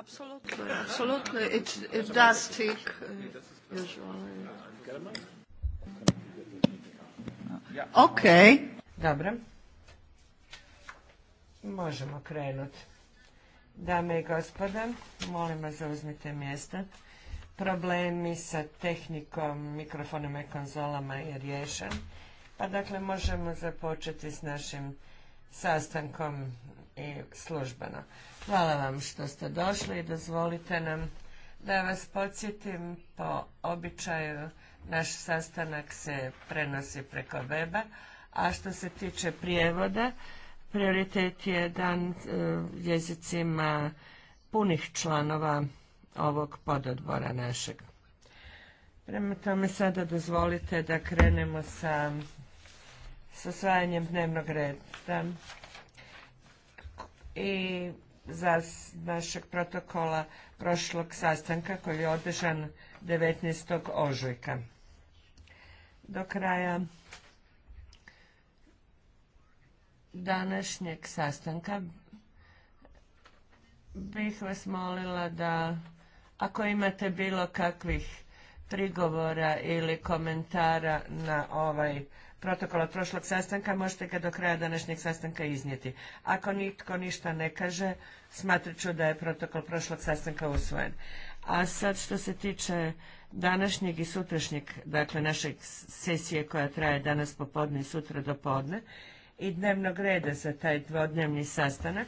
absolutely, It, does take uh, Dobro. Možemo krenuti. Dame i gospoda, molim vas zauzmite mjesta. Problemi sa tehnikom, mikrofonima i konzolama je riješen. Pa dakle možemo započeti s našim sastankom i e, službeno. Hvala vam što ste došli i dozvolite nam da vas podsjetim po običaju naš sastanak se prenosi preko weba, a što se tiče prijevoda, prioritet je dan e, jezicima punih članova ovog pododbora našeg. Prema tome sada dozvolite da krenemo sa sasvajanjem dnevnog reda i za našeg protokola prošlog sastanka koji je održan 19. ožujka. Do kraja današnjeg sastanka bih vas molila da ako imate bilo kakvih prigovora ili komentara na ovaj protokola prošlog sastanka, možete ga do kraja današnjeg sastanka iznijeti. Ako nitko ništa ne kaže, smatrat ću da je protokol prošlog sastanka usvojen. A sad što se tiče današnjeg i sutrašnjeg, dakle našeg sesije koja traje danas popodne i sutra do podne i dnevnog reda za taj dvodnevni sastanak,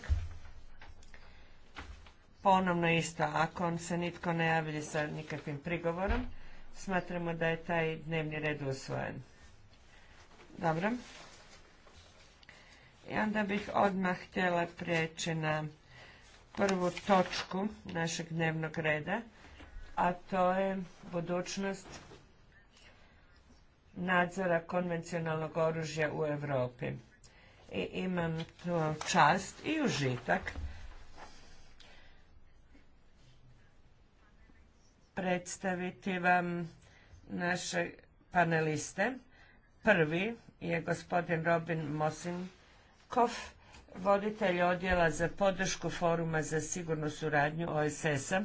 ponovno isto, ako se nitko ne javlja sa nikakvim prigovorom, smatramo da je taj dnevni red usvojen. Dobro. I onda bih odmah htjela prijeći na prvu točku našeg dnevnog reda, a to je budućnost nadzora konvencionalnog oružja u Europi. I imam tu čast i užitak predstaviti vam naše paneliste Prvi je gospodin Robin Mosinkov, voditelj odjela za podršku foruma za sigurnu suradnju OSS-a.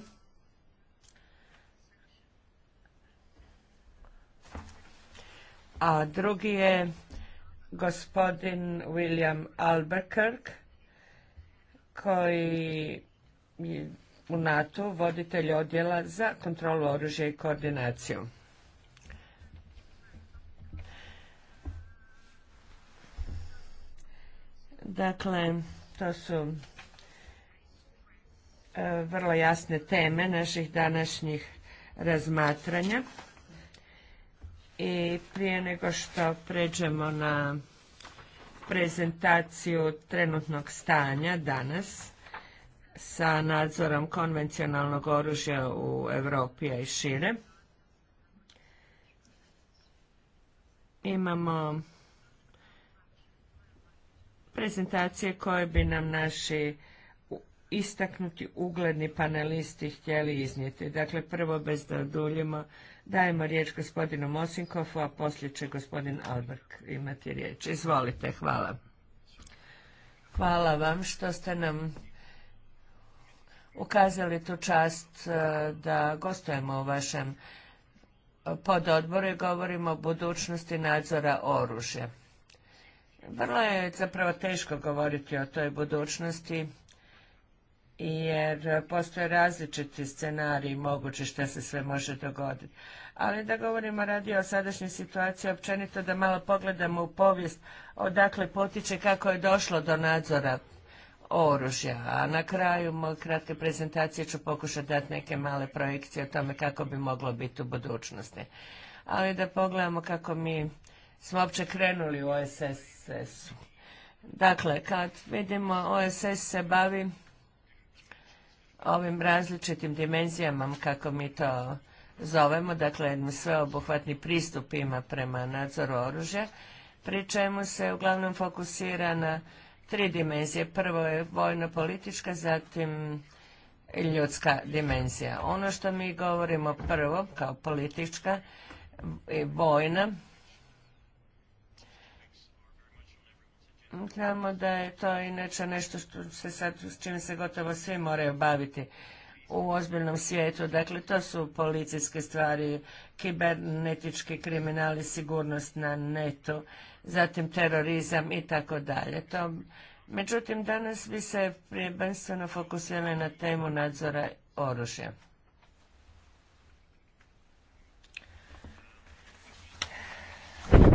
A drugi je gospodin William Albuquerque, koji je u NATO voditelj odjela za kontrolu oružja i koordinaciju. Dakle, to su e, vrlo jasne teme naših današnjih razmatranja. I prije nego što pređemo na prezentaciju trenutnog stanja danas sa nadzorom konvencionalnog oružja u Europi i šire, imamo prezentacije koje bi nam naši istaknuti ugledni panelisti htjeli iznijeti. Dakle, prvo bez da oduljimo, dajemo riječ gospodinu Mosinkofu, a poslije će gospodin Alberg imati riječ. Izvolite, hvala. Hvala vam što ste nam ukazali tu čast e, da gostujemo u vašem pododboru i govorimo o budućnosti nadzora oružja. Vrlo je zapravo teško govoriti o toj budućnosti jer postoje različiti scenariji mogući što se sve može dogoditi. Ali da govorimo radi o sadašnjoj situaciji, općenito da malo pogledamo u povijest odakle potiče kako je došlo do nadzora oružja. A na kraju moje kratke prezentacije ću pokušati dati neke male projekcije o tome kako bi moglo biti u budućnosti. Ali da pogledamo kako mi smo uopće krenuli u OSS oss Dakle, kad vidimo OSS se bavi ovim različitim dimenzijama, kako mi to zovemo, dakle sveobuhvatni pristup ima prema nadzoru oružja, pri čemu se uglavnom fokusira na tri dimenzije. Prvo je vojno-politička, zatim ljudska dimenzija. Ono što mi govorimo prvo kao politička i vojna Znamo da je to inače nešto što se s čime se gotovo svi moraju baviti u ozbiljnom svijetu. Dakle, to su policijske stvari, kibernetički kriminali, sigurnost na netu, zatim terorizam i tako dalje. To, međutim, danas bi se prijebenstveno fokusirali na temu nadzora oružja.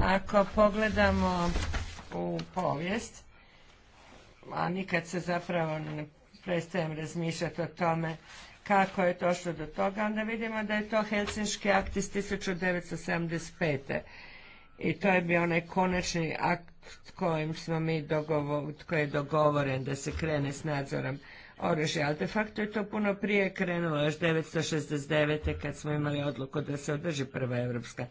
Ako pogledamo u povijest, a nikad se zapravo ne prestajem razmišljati o tome kako je došlo do toga, onda vidimo da je to Helsinški akt iz 1975. I to je bio onaj konačni akt kojim smo mi dogovor, koji je dogovoren da se krene s nadzorom oružja, ali de facto je to puno prije krenulo, još 1969. kad smo imali odluku da se održi prva europska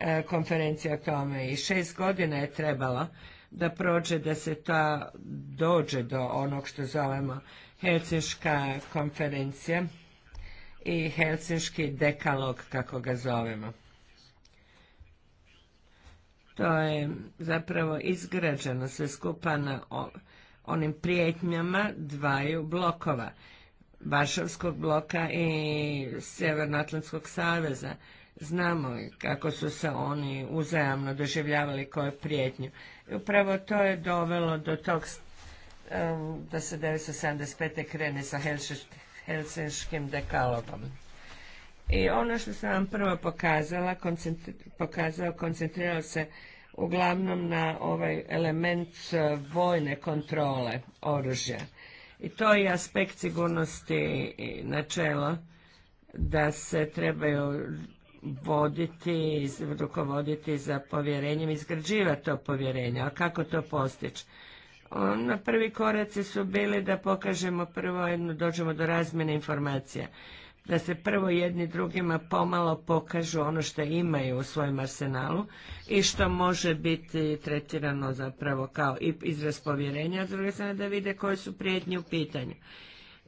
e, konferencija o tome i šest godina je trebalo da prođe, da se ta dođe do onog što zovemo Helsinška konferencija i Helsinški dekalog, kako ga zovemo. To je zapravo izgrađeno sve skupa na onim prijetnjama dvaju blokova, Varšavskog bloka i Sjevernoatlantskog saveza. Znamo kako su se oni uzajamno doživljavali kao prijetnju. I upravo to je dovelo do tog ehm, da se 1975. krene sa Helsinškim dekalogom. I ono što sam vam prvo pokazala, pokazao, koncentrirao se uglavnom na ovaj element e, vojne kontrole oružja. I to je aspekt sigurnosti načelo da se trebaju voditi, rukovoditi za povjerenjem, izgrađivati to povjerenje. A kako to postići? Na prvi koraci su bili da pokažemo prvo jedno, dođemo do razmjene informacija. Da se prvo jedni drugima pomalo pokažu ono što imaju u svojem arsenalu i što može biti tretirano zapravo kao izraz povjerenja, a s druge strane da vide koje su prijetnje u pitanju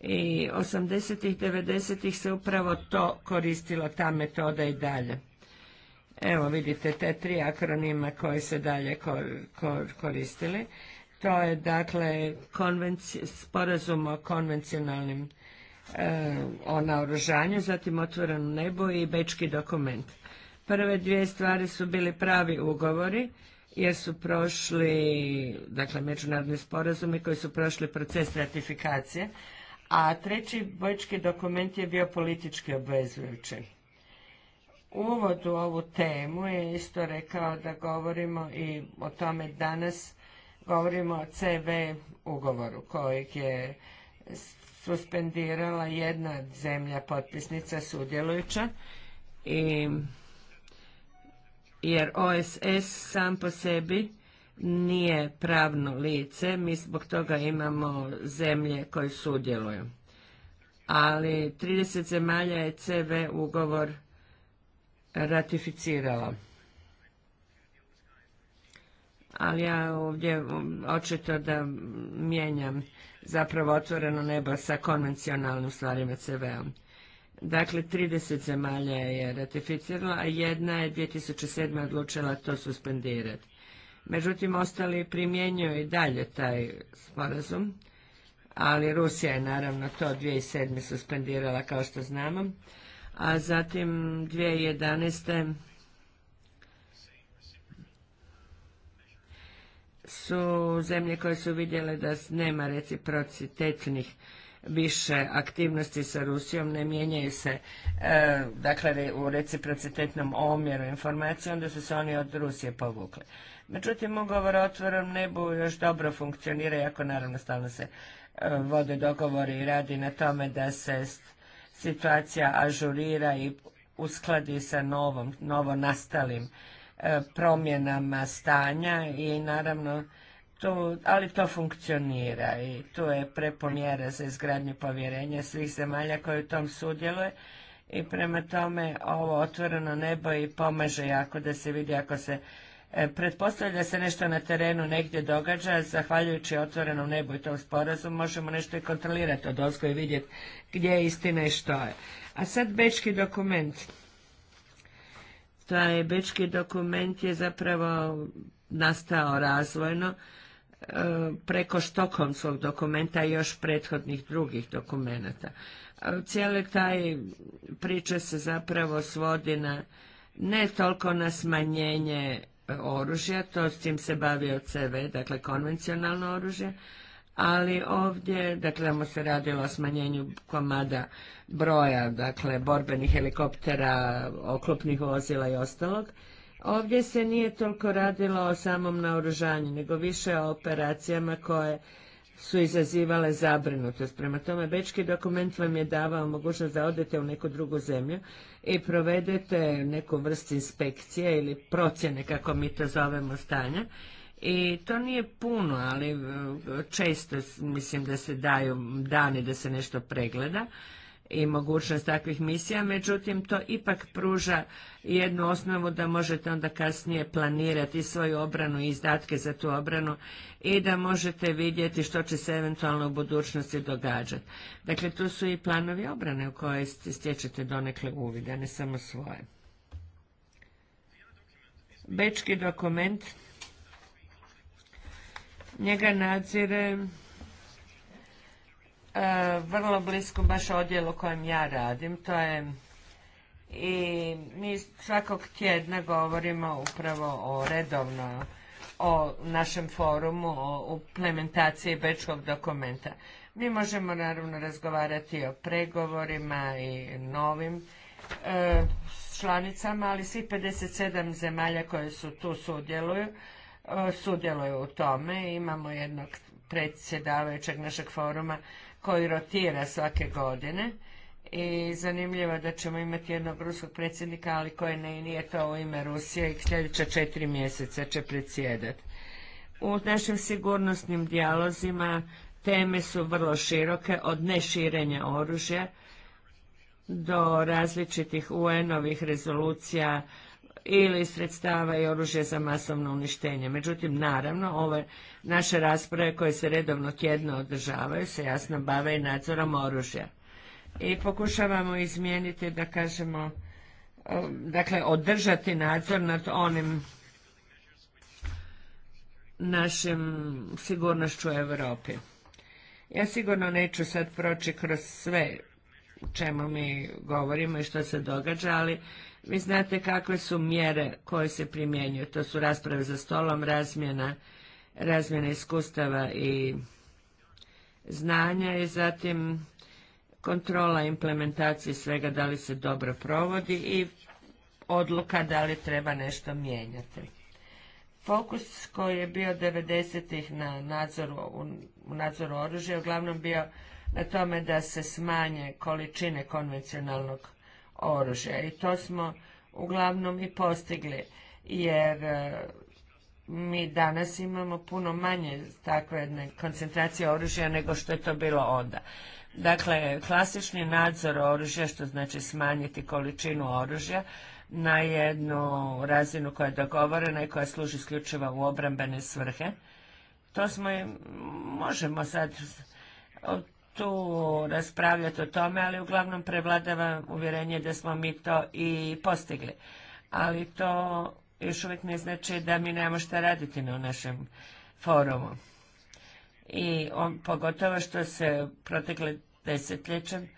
i 80-ih, 90-ih se upravo to koristilo, ta metoda i dalje. Evo vidite te tri akronima koje se dalje koristili. To je dakle sporazum o konvencionalnim eh, o naoružanju, zatim u nebo i bečki dokument. Prve dvije stvari su bili pravi ugovori jer su prošli, dakle međunarodni sporazumi koji su prošli proces ratifikacije, a treći bojički dokument je bio politički obvezujući. U ovu temu je isto rekao da govorimo i o tome danas govorimo o CV ugovoru kojeg je suspendirala jedna zemlja potpisnica sudjelujuća i jer OSS sam po sebi nije pravno lice, mi zbog toga imamo zemlje koje sudjeluju. Ali 30 zemalja je CV ugovor ratificirala. Ali ja ovdje um, očito da mijenjam zapravo otvoreno nebo sa konvencionalnim stvarima CV-om. Dakle, 30 zemalja je ratificirala, a jedna je 2007. odlučila to suspendirati. Međutim, ostali primjenjuju i dalje taj sporazum, ali Rusija je naravno to 2007. suspendirala kao što znamo, a zatim 2011. su zemlje koje su vidjele da nema reciprocitetnih više aktivnosti sa Rusijom, ne mijenjaju se e, dakle u reciprocitetnom omjeru informacija, onda su se oni od Rusije povukli. Međutim, ugovor o otvorom nebu još dobro funkcionira, iako naravno stalno se e, vode dogovori i radi na tome da se situacija ažurira i uskladi sa novom, novo nastalim e, promjenama stanja i naravno to, ali to funkcionira i tu je prepomjera za izgradnju povjerenja svih zemalja koje u tom sudjeluje i prema tome ovo otvoreno nebo i pomaže jako da se vidi ako se E, pretpostavlja se nešto na terenu negdje događa, zahvaljujući otvorenom nebu i tom sporazumu možemo nešto i kontrolirati od i vidjeti gdje je istina i što je. A sad bečki dokument. Taj bečki dokument je zapravo nastao razvojno e, preko štokomskog dokumenta i još prethodnih drugih dokumenata. E, cijeli taj priča se zapravo svodi na ne toliko na smanjenje oružja, to s tim se bavio CV, dakle konvencionalno oružje, ali ovdje, dakle, mu se radilo o smanjenju komada broja, dakle, borbenih helikoptera, oklopnih vozila i ostalog. Ovdje se nije toliko radilo o samom naoružanju, nego više o operacijama koje su izazivale zabrinutost. Prema tome, Bečki dokument vam je davao mogućnost da odete u neku drugu zemlju i provedete neku vrstu inspekcije ili procjene, kako mi to zovemo, stanja. I to nije puno, ali e, često mislim da se daju dani da se nešto pregleda i mogućnost takvih misija, međutim to ipak pruža jednu osnovu da možete onda kasnije planirati svoju obranu i izdatke za tu obranu i da možete vidjeti što će se eventualno u budućnosti događati. Dakle, tu su i planovi obrane u koje stječete donekle uvide, ne samo svoje. Bečki dokument, njega nadzire E, vrlo blisko baš odjelu kojem ja radim, to je i mi svakog tjedna govorimo upravo o redovno o našem forumu, o implementaciji bečkog dokumenta. Mi možemo naravno razgovarati o pregovorima i novim e, članicama, ali svih 57 zemalja koje su tu sudjeluju, e, sudjeluju u tome. Imamo jednog predsjedavajućeg našeg foruma koji rotira svake godine i zanimljivo da ćemo imati jednog ruskog predsjednika, ali koji ne, nije to u ime Rusije i sljedeća četiri mjeseca će predsjedati. U našim sigurnosnim dijalozima teme su vrlo široke, od neširenja oružja do različitih UN-ovih rezolucija ili sredstava i oružja za masovno uništenje. Međutim, naravno, ove naše rasprave koje se redovno tjedno održavaju se jasno bave i nadzorom oružja. I pokušavamo izmijeniti, da kažemo, um, dakle, održati nadzor nad onim našim sigurnošću u Europi. Ja sigurno neću sad proći kroz sve u čemu mi govorimo i što se događa, ali vi znate kakve su mjere koje se primjenjuju. To su rasprave za stolom, razmjena, razmjena iskustava i znanja i zatim kontrola implementacije svega da li se dobro provodi i odluka da li treba nešto mijenjati. Fokus koji je bio 90-ih na nadzoru, u nadzoru oružja uglavnom bio na tome da se smanje količine konvencionalnog oružja. I to smo uglavnom i postigli, jer e, mi danas imamo puno manje takve jedne koncentracije oružja nego što je to bilo onda. Dakle, klasični nadzor oružja, što znači smanjiti količinu oružja na jednu razinu koja je dogovorena i koja služi isključivo u obrambene svrhe. To smo, možemo sad tu raspravljati o tome, ali uglavnom prevladava uvjerenje da smo mi to i postigli. Ali to još uvijek ne znači da mi nemamo šta raditi na našem forumu. I pogotovo što se protekle desetljećem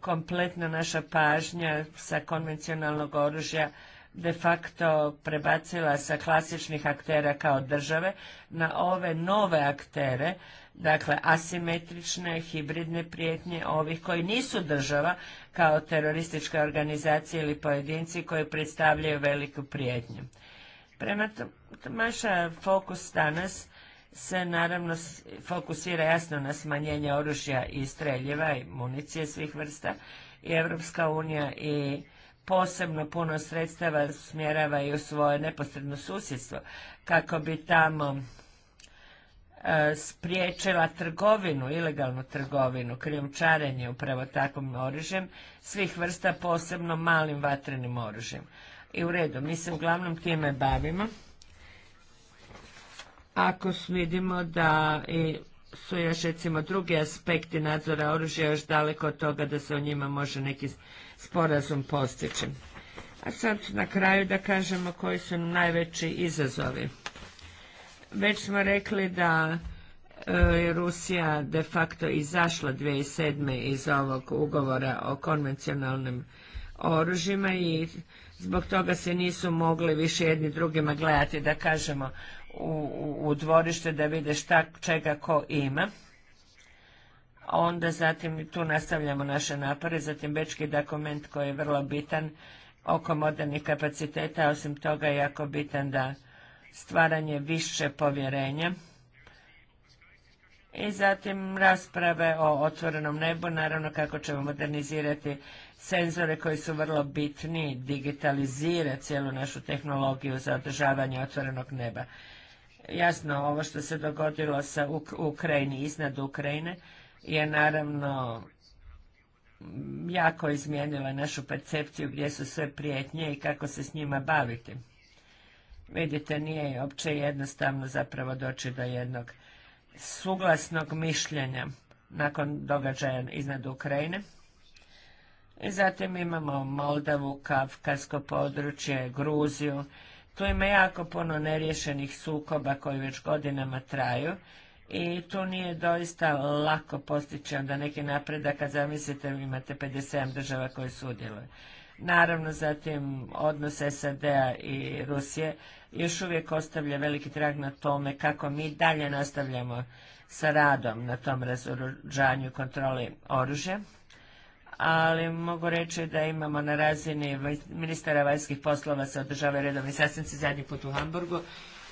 kompletna naša pažnja sa konvencionalnog oružja de facto prebacila sa klasičnih aktera kao države na ove nove aktere dakle asimetrične, hibridne prijetnje ovih koji nisu država kao terorističke organizacije ili pojedinci koji predstavljaju veliku prijetnju. Prema Maša, fokus danas se naravno fokusira jasno na smanjenje oružja i streljiva i municije svih vrsta i Evropska unija i posebno puno sredstava smjerava i u svoje neposredno susjedstvo kako bi tamo E, spriječila trgovinu, ilegalnu trgovinu, krijumčarenje upravo takvim oružjem svih vrsta, posebno malim vatrenim oružjem. I u redu, mi se uglavnom time bavimo. Ako vidimo da su još recimo drugi aspekti nadzora oružja još daleko od toga da se o njima može neki sporazum postići. A sad na kraju da kažemo koji su najveći izazovi već smo rekli da e, je Rusija de facto izašla 2007. iz ovog ugovora o konvencionalnim oružjima i zbog toga se nisu mogli više jedni drugima gledati, da kažemo, u, u, dvorište da vide šta čega ko ima. Onda zatim tu nastavljamo naše napore, zatim bečki dokument koji je vrlo bitan oko modernih kapaciteta, osim toga je jako bitan da stvaranje više povjerenja i zatim rasprave o otvorenom nebu, naravno kako ćemo modernizirati senzore koji su vrlo bitni, digitalizira cijelu našu tehnologiju za održavanje otvorenog neba. Jasno, ovo što se dogodilo sa Ukrajini, iznad Ukrajine, je naravno jako izmijenila našu percepciju gdje su sve prijetnje i kako se s njima baviti. Vidite, nije opće jednostavno zapravo doći do jednog suglasnog mišljenja nakon događaja iznad Ukrajine. I zatim imamo Moldavu, Kavkasko područje, Gruziju. Tu ima jako puno neriješenih sukoba koji već godinama traju i tu nije doista lako postići onda neki napredak kad zamislite imate 57 država koje sudjeluju. Naravno zatim odnos SAD-a i Rusije još uvijek ostavlja veliki trag na tome kako mi dalje nastavljamo sa radom na tom razoružanju kontroli oružja, ali mogu reći da imamo na razini ministara vanjskih poslova se održavaju redovni sastanci zadnji put u Hamburgu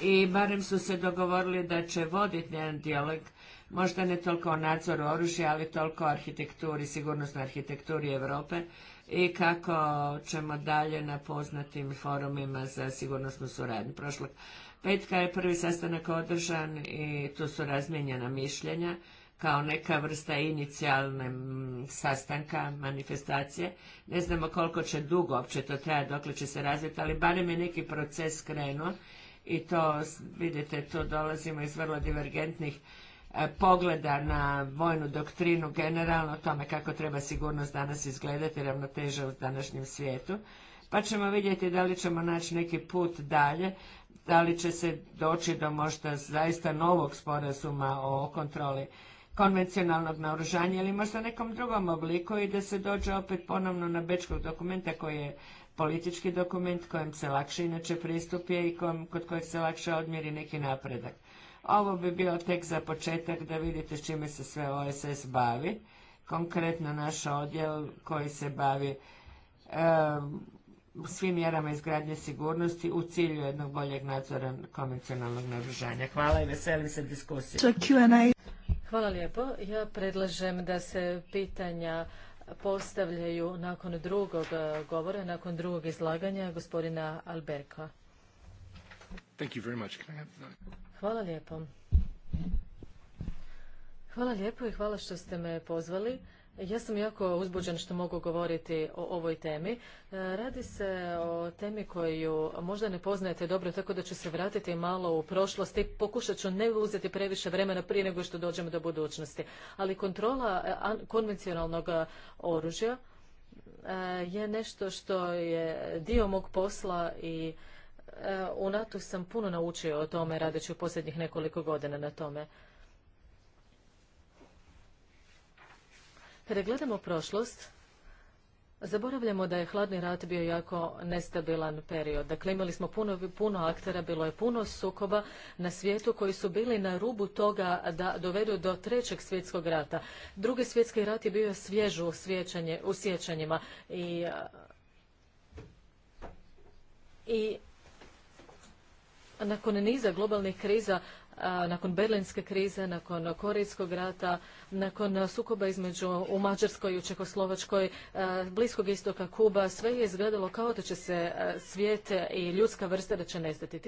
i barem su se dogovorili da će voditi jedan dijalog, možda ne toliko o nadzoru oružja, ali toliko o arhitekturi, sigurnosnoj arhitekturi Europe, i kako ćemo dalje na poznatim forumima za sigurnosnu suradnju. Prošlog petka je prvi sastanak održan i tu su razmijenjena mišljenja kao neka vrsta inicijalne sastanka, manifestacije. Ne znamo koliko će dugo uopće to trajati, dokle će se razviti, ali barem je neki proces krenuo i to, vidite, tu dolazimo iz vrlo divergentnih E, pogleda na vojnu doktrinu generalno o tome kako treba sigurnost danas izgledati, ravnoteža u današnjem svijetu, pa ćemo vidjeti da li ćemo naći neki put dalje, da li će se doći do možda zaista novog sporazuma o kontroli konvencionalnog naoružanja ili možda nekom drugom obliku i da se dođe opet ponovno na bečkog dokumenta koji je politički dokument kojem se lakše inače pristup i kod kojeg se lakše odmjeri neki napredak. Ovo bi bio tek za početak da vidite s čime se sve OSS bavi, konkretno naš odjel koji se bavi svim mjerama izgradnje sigurnosti u cilju jednog boljeg nadzora konvencionalnog naružanja. Hvala i veselim se diskusiji. Hvala lijepo. Ja predlažem da se pitanja postavljaju nakon drugog eh, govora, nakon drugog izlaganja gospodina Alberka. Hvala lijepo. Hvala lijepo i hvala što ste me pozvali. Ja sam jako uzbuđen što mogu govoriti o ovoj temi. E, radi se o temi koju možda ne poznajete dobro, tako da ću se vratiti malo u prošlost i pokušat ću ne uzeti previše vremena prije nego što dođemo do budućnosti. Ali kontrola e, konvencionalnog e, oružja je nešto što je dio mog posla i Eh, u NATO sam puno naučio o tome radeći u posljednjih nekoliko godina na tome. Kada gledamo prošlost, zaboravljamo da je hladni rat bio jako nestabilan period. Dakle, imali smo puno, puno aktera, bilo je puno sukoba na svijetu koji su bili na rubu toga da dovedu do trećeg svjetskog rata. Drugi svjetski rat je bio svježu u sjećanjima i i nakon niza globalnih kriza, nakon berlinske krize, nakon korejskog rata, nakon sukoba između u Mađarskoj i u Čekoslovačkoj, Bliskog istoka Kuba, sve je izgledalo kao da će se svijet i ljudska vrsta da će nestati.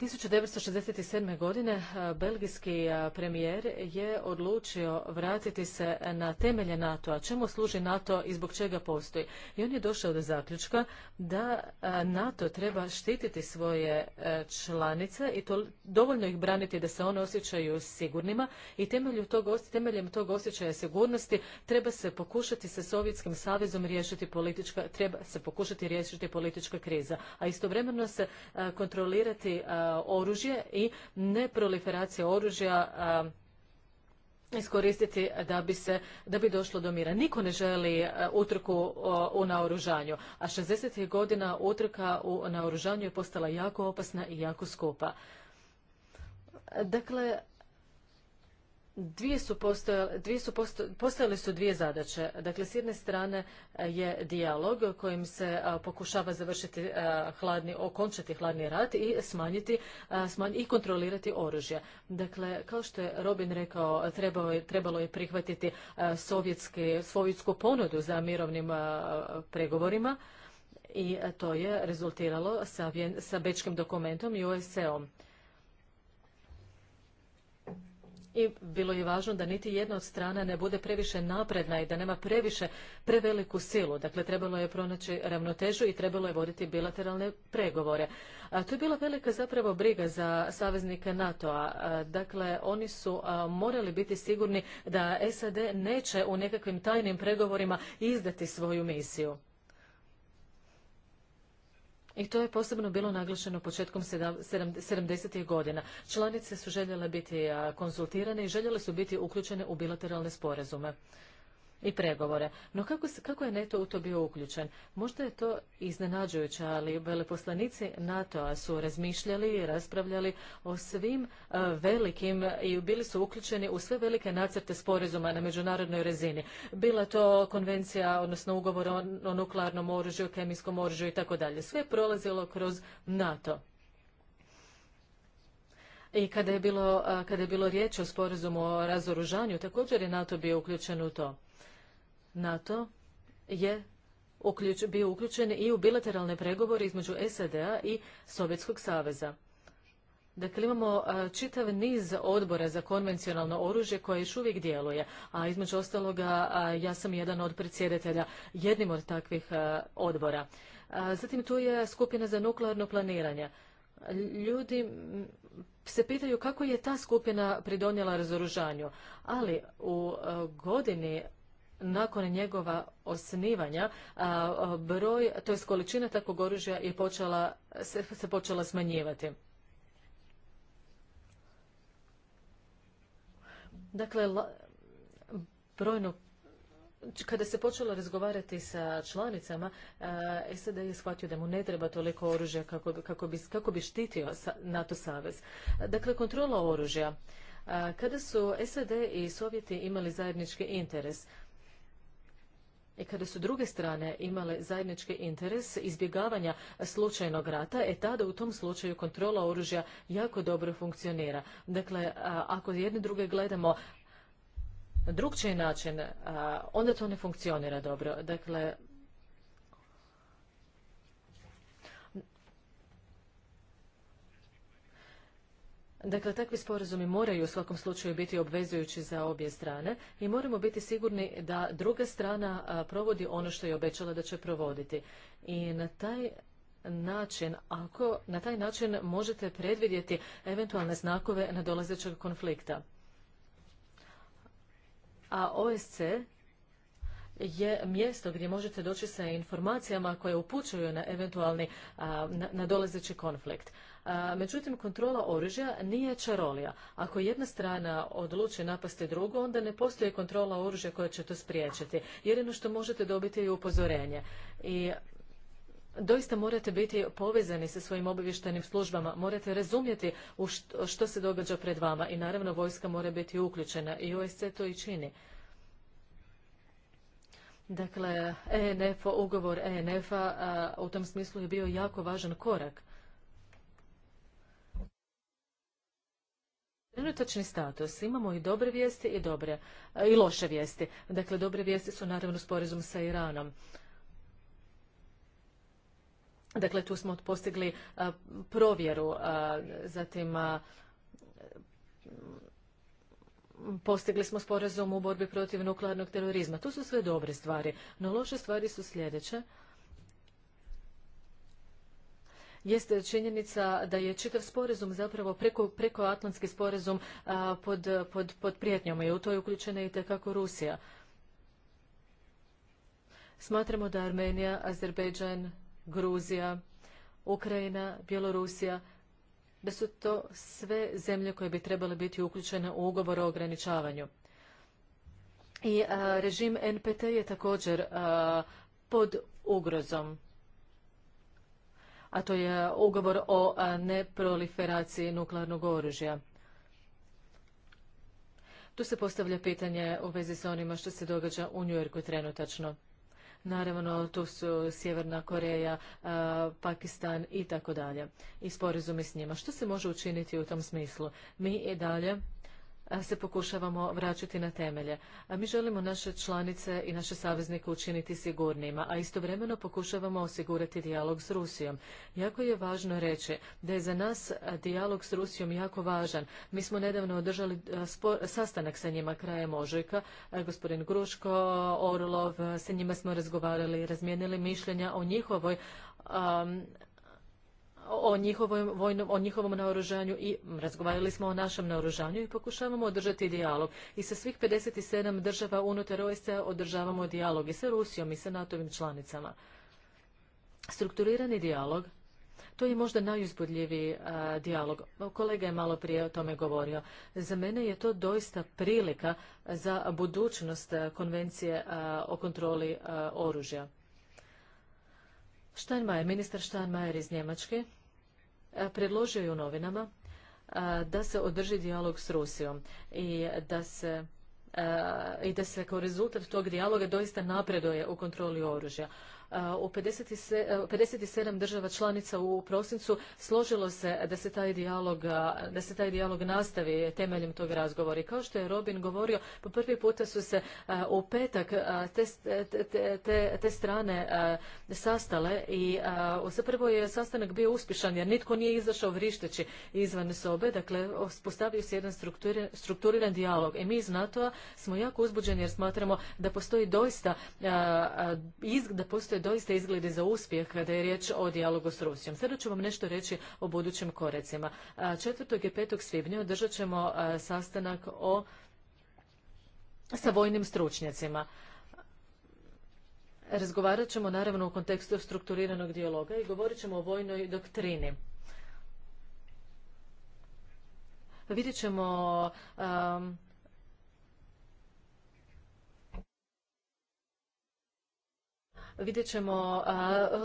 1967. godine eh, belgijski eh, premijer je odlučio vratiti se na temelje NATO-a. Čemu služi NATO i zbog čega postoji? I on je došao do zaključka da eh, NATO treba štititi svoje članice i to, dovoljno ih braniti da se one osjećaju sigurnima i temeljem tog, temeljem tog osjećaja sigurnosti treba se pokušati sa Sovjetskim savezom riješiti politička, treba se pokušati riješiti politička kriza, a istovremeno se kontrolirati E, oružje i neproliferacija oružja e, iskoristiti da bi se, da bi došlo do mira. Niko ne želi e, utrku u naoružanju, a 60. godina utrka u naoružanju je postala jako opasna i jako skupa. Dakle, Dvije su postojale, dvije su su dvije zadaće. Dakle, s jedne strane e, je dijalog kojim se e, pokušava završiti e, hladni, okončati hladni rat i smanjiti i kontrolirati oružje. Dakle, kao što je Robin rekao, trebalo je prihvatiti sovjetsku ponudu za mirovnim pregovorima i to je rezultiralo sa, bečkim dokumentom i osce om i bilo je važno da niti jedna od strana ne bude previše napredna i da nema previše preveliku silu. Dakle, trebalo je pronaći ravnotežu i trebalo je voditi bilateralne pregovore. A, to je bila velika zapravo briga za saveznike NATO-a. Dakle, oni su morali biti sigurni da SAD neće u nekakvim tajnim pregovorima izdati svoju misiju. I to je posebno bilo naglašeno početkom 70. godina. Članice su željele biti konsultirane i željele su biti uključene u bilateralne sporazume i pregovore. No kako, kako je NATO u to bio uključen? Možda je to iznenađujuće, ali veleposlanici NATO-a su razmišljali i raspravljali o svim e, velikim i bili su uključeni u sve velike nacrte sporazuma na međunarodnoj razini. Bila to konvencija, odnosno ugovor o, o nuklearnom oružju, kemijskom oružju i tako dalje. Sve je prolazilo kroz NATO. I kada je bilo, e, kada je bilo riječ o sporazumu o razoružanju, također je NATO bio uključen u to. NATO je uključ, bio uključen i u bilateralne pregovore između SAD-a i Sovjetskog saveza. Dakle, imamo čitav niz odbora za konvencionalno oružje koje još uvijek djeluje, a između ostaloga ja sam jedan od predsjedatelja jednim od takvih odbora. Zatim tu je skupina za nuklearno planiranje. Ljudi se pitaju kako je ta skupina pridonijela razoružanju, ali u godini nakon njegova osnivanja broj, to jest količina takvog oružja je počela, se, počela smanjivati. Dakle, brojno kada se počelo razgovarati sa članicama, SAD je shvatio da mu ne treba toliko oružja kako, kako, bi, kako bi štitio NATO savez. Dakle, kontrola oružja. Kada su SAD i Sovjeti imali zajednički interes, i e, kada su druge strane imale zajednički interes izbjegavanja slučajnog rata, e tada u tom slučaju kontrola oružja jako dobro funkcionira. Dakle, ako jedne druge gledamo na drugčiji način, onda to ne funkcionira dobro. Dakle, Dakle, takvi sporazumi moraju u svakom slučaju biti obvezujući za obje strane i moramo biti sigurni da druga strana provodi ono što je obećala da će provoditi. I na taj način, ako na taj način možete predvidjeti eventualne znakove nadolazećeg konflikta. A OSC je mjesto gdje možete doći sa informacijama koje upućuju na eventualni nadolazeći konflikt. Međutim, kontrola oružja nije čarolija. Ako jedna strana odluči napasti drugu, onda ne postoji kontrola oružja koja će to spriječiti. Jedino što možete dobiti je upozorenje. I doista morate biti povezani sa svojim obavještajnim službama, morate razumjeti što, se događa pred vama i naravno vojska mora biti uključena i OSC to i čini. Dakle, ENF, ugovor ENF-a u tom smislu je bio jako važan korak. Trenutačni status. Imamo i dobre vijesti i dobre i loše vijesti. Dakle, dobre vijesti su naravno sporazum sa Iranom. Dakle, tu smo postigli provjeru, zatim postigli smo sporazum u borbi protiv nuklearnog terorizma. Tu su sve dobre stvari, no loše stvari su sljedeće jeste činjenica da je čitav sporazum zapravo preko, Atlantski sporazum pod, prijetnjom i u to je uključena i tekako Rusija. Smatramo da Armenija, Azerbejdžan, Gruzija, Ukrajina, Bjelorusija, da su to sve zemlje koje bi trebale biti uključene u ugovor o ograničavanju. I režim NPT je također pod ugrozom a to je ugovor o e, neproliferaciji nuklearnog oružja. Tu se postavlja pitanje u vezi sa onima što se događa u Njujorku trenutačno. Naravno, tu su Sjeverna Koreja, e, Pakistan i tako dalje i sporazumi s njima. Što se može učiniti u tom smislu? Mi i dalje se pokušavamo vraćati na temelje. Mi želimo naše članice i naše saveznike učiniti sigurnijima, a istovremeno pokušavamo osigurati dijalog s Rusijom. Jako je važno reći da je za nas dijalog s Rusijom jako važan. Mi smo nedavno održali sastanak sa njima krajem ožujka. Gospodin Gruško, Orlov, sa njima smo razgovarali, razmijenili mišljenja o njihovoj o njihovom, vojnom, o njihovom naoružanju i razgovarali smo o našem naoružanju i pokušavamo održati dijalog. I sa svih 57 država unutar OSCE održavamo dijalog i sa Rusijom i sa NATO-vim članicama. Strukturirani dijalog to je možda najuzbudljiviji dijalog. Kolega je malo prije o tome govorio. Za mene je to doista prilika za budućnost konvencije o kontroli oružja. Steinmeier, ministar Steinmeier iz Njemačke, E, predložio je u novinama e, da se održi dijalog s Rusijom i da se e, i da se kao rezultat tog dijaloga doista napreduje u kontroli oružja. U 57 država članica u prosincu složilo se da se taj dijalog, da se taj dijalog nastavi temeljem tog razgovora. I kao što je Robin govorio, po prvi puta su se u petak te, te, te, te strane sastale i za prvo je sastanak bio uspješan jer nitko nije izašao vrišteći izvan sobe. Dakle, postavio se jedan strukturiran, dijalog. I mi iz NATO-a smo jako uzbuđeni jer smatramo da postoji doista da postoje doista izgledi za uspjeh kada je riječ o dijalogu s Rusijom. Sada ću vam nešto reći o budućim korecima. 4. i 5. svibnja održat ćemo sastanak o, sa vojnim stručnjacima. Razgovarat ćemo naravno u kontekstu strukturiranog dijaloga i govorit ćemo o vojnoj doktrini. Vidjet ćemo vidjet ćemo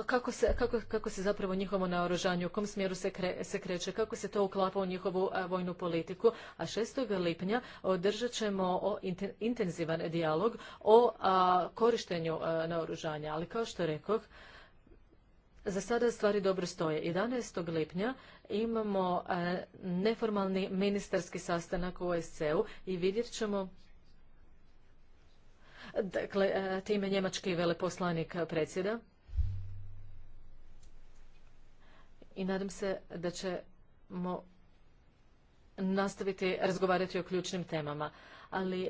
kako, se, kako, se zapravo njihovo naoružanje, u kom smjeru se, kreće, kako se to uklapa u njihovu vojnu politiku. A 6. lipnja održat ćemo intenzivan dijalog o korištenju naoružanja. Ali kao što rekoh, za sada stvari dobro stoje. 11. lipnja imamo neformalni ministarski sastanak u OSCE-u i vidjet ćemo Dakle, e, time njemački veleposlanik predsjeda. I nadam se da ćemo nastaviti razgovarati o ključnim temama. Ali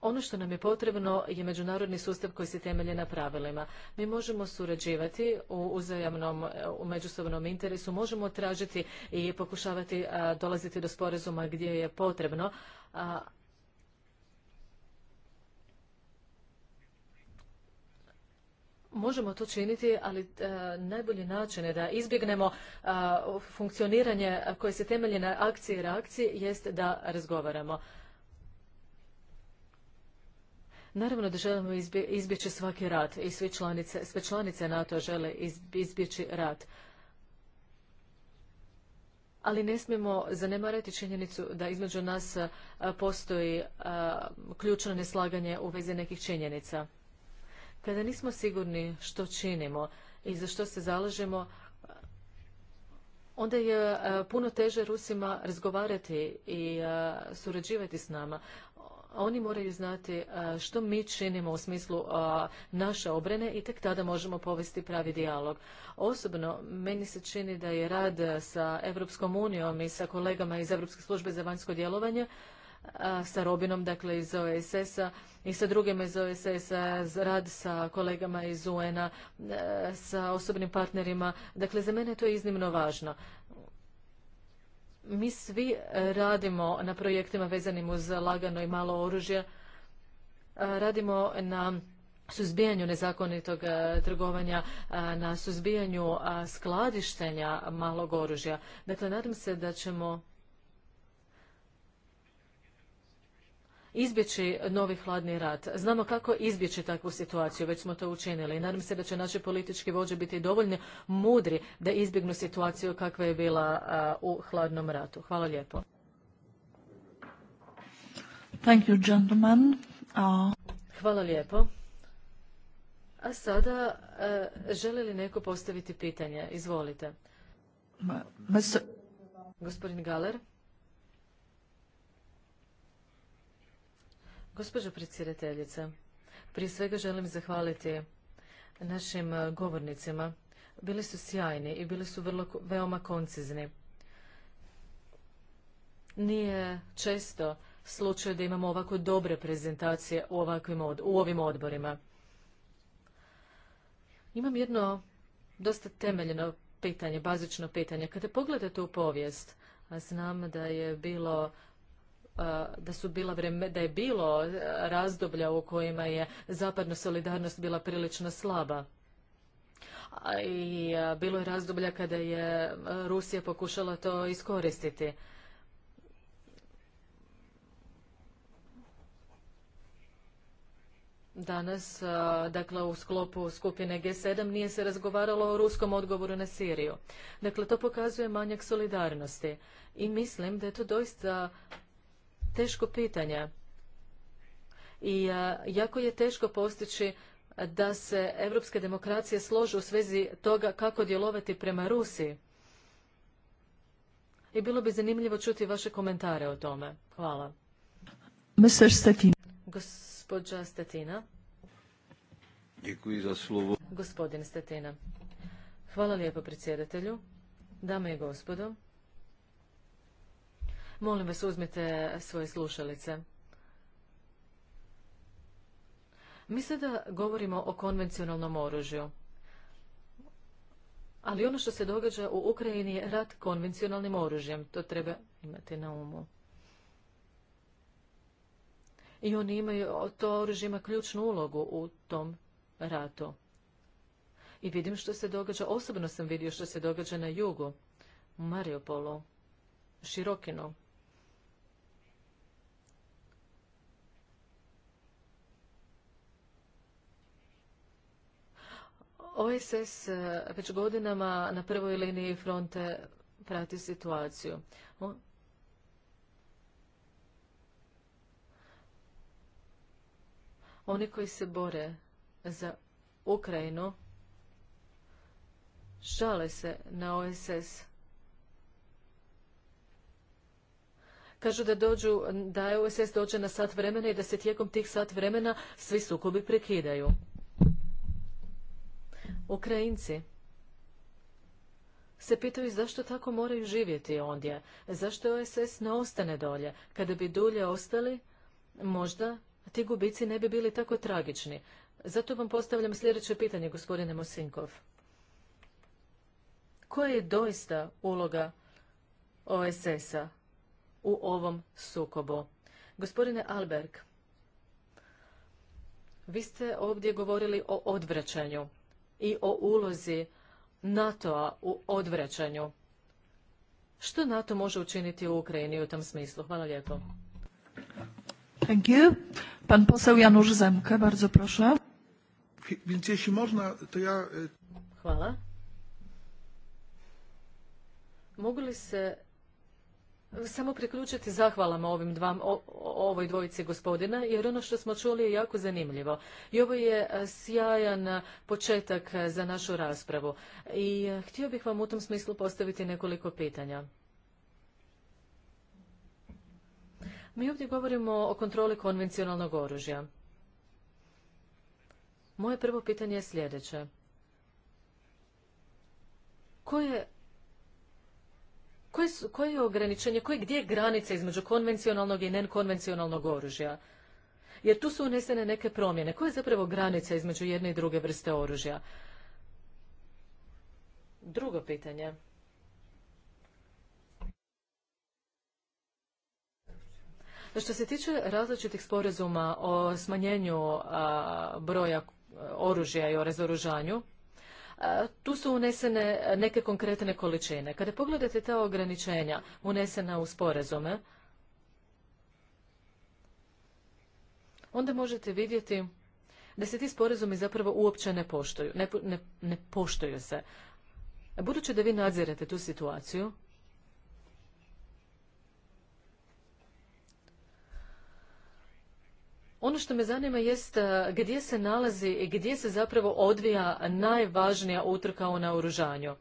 ono što nam je potrebno je međunarodni sustav koji se temelje na pravilima. Mi možemo surađivati u uzajamnom, u međusobnom interesu, možemo tražiti i pokušavati dolaziti do sporazuma gdje je potrebno, Možemo to činiti, ali e, najbolji način je da izbjegnemo e, funkcioniranje koje se temelji na akciji i reakciji jest da razgovaramo. Naravno da želimo izbjeći svaki rat i sve članice NATO žele izbjeći rat. Ali ne smijemo zanemariti činjenicu da između nas e, postoji ključno neslaganje u vezi nekih činjenica. Kada nismo sigurni što činimo i za što se zalažemo, onda je e, puno teže Rusima razgovarati i e, surađivati s nama. Oni moraju znati e, što mi činimo u smislu naše obrane i tek tada možemo povesti pravi dijalog. Osobno, meni se čini da je rad sa Europskom unijom i sa kolegama iz Evropske službe za vanjsko djelovanje sa Robinom, dakle iz OSS-a, i sa drugima iz oss eh, rad sa kolegama iz UN-a, eh, sa osobnim partnerima. Dakle, za mene to je iznimno važno. Mi svi eh, radimo na projektima vezanim uz lagano i malo oružje. Radimo na suzbijanju nezakonitog trgovanja, na suzbijanju skladištenja malog oružja. Dakle, nadam se da ćemo izbjeći novi hladni rat. Znamo kako izbjeći takvu situaciju, već smo to učinili. Nadam se da će naše političke vođe biti dovoljno mudri da izbjegnu situaciju kakva je bila u hladnom ratu. Hvala lijepo. Hvala lijepo. A sada, želi li neko postaviti pitanje? Izvolite. Gospodin Galer. Gospođo predsjedateljica, prije svega želim zahvaliti našim e, govornicima. Bili su sjajni i bili su vrlo, veoma koncizni. Nije često slučaj da imamo ovako dobre prezentacije u, u ovim odborima. Imam jedno dosta temeljeno pitanje, bazično pitanje. Kada pogledate u povijest, a znam da je bilo da su bila da je bilo razdoblja u kojima je zapadna solidarnost bila prilično slaba. I bilo je razdoblja kada je Rusija pokušala to iskoristiti. Danas, dakle, u sklopu skupine G7 nije se razgovaralo o ruskom odgovoru na Siriju. Dakle, to pokazuje manjak solidarnosti. I mislim da je to doista teško pitanje i e, jako je teško postići da se europske demokracije složu u svezi toga kako djelovati prema Rusiji. I bilo bi zanimljivo čuti vaše komentare o tome. Hvala. Mr. Stetina. Gospodža Stetina. Gospodin Stetina. Hvala lijepo predsjedatelju. Dame i gospodo. Molim vas, uzmite svoje slušalice. Mi sada govorimo o konvencionalnom oružju. Ali ono što se događa u Ukrajini je rat konvencionalnim oružjem. To treba imati na umu. I oni imaju, to oružje ima ključnu ulogu u tom ratu. I vidim što se događa, osobno sam vidio što se događa na jugu, u Mariupolu, Širokinu. OSS eh, već godinama na prvoj liniji fronte prati situaciju. Oni koji se bore za Ukrajinu šale se na OSS. Kažu da dođu, da OSS dođe na sat vremena i da se tijekom tih sat vremena svi sukobi prekidaju. Ukrajinci se pitaju zašto tako moraju živjeti ondje, zašto OSS ne ostane dolje. Kada bi dulje ostali, možda ti gubici ne bi bili tako tragični. Zato vam postavljam sljedeće pitanje, gospodine Mosinkov. Koja je doista uloga OSS-a u ovom sukobu? Gospodine Alberg, vi ste ovdje govorili o odvraćanju i o ulozi NATO-a u odvraćanju. Što NATO može učiniti u Ukrajini u tom smislu? Hvala lijepo. Thank you. Pan poseł Janusz Zemke, bardzo proszę. Więc jeśli można, to ja... E, Hvala. Mogu li se samo priključiti zahvalama ovim ovoj dvojici gospodina, jer ono što smo čuli je jako zanimljivo. I ovo je e, sjajan e, početak e, za našu raspravu. I htio bih vam u tom smislu postaviti nekoliko pitanja. Mi ovdje govorimo o kontroli konvencionalnog oružja. Moje prvo pitanje je sljedeće. Koje koje, je ograničenje, koje, gdje je granica između konvencionalnog i nenkonvencionalnog oružja? Jer tu su unesene neke promjene. Koja je zapravo granica između jedne i druge vrste oružja? Drugo pitanje. Što se tiče različitih sporazuma o smanjenju broja oružja i o razoružanju, tu su unesene neke konkretne količine. Kada pogledate ta ograničenja unesena u sporazume, onda možete vidjeti da se ti sporazumi zapravo uopće ne poštuju, ne, ne poštuju se. Budući da vi nadzirate tu situaciju, Ono što me zanima jest e, gdje se nalazi i gdje se zapravo odvija najvažnija utrka o naoružanju.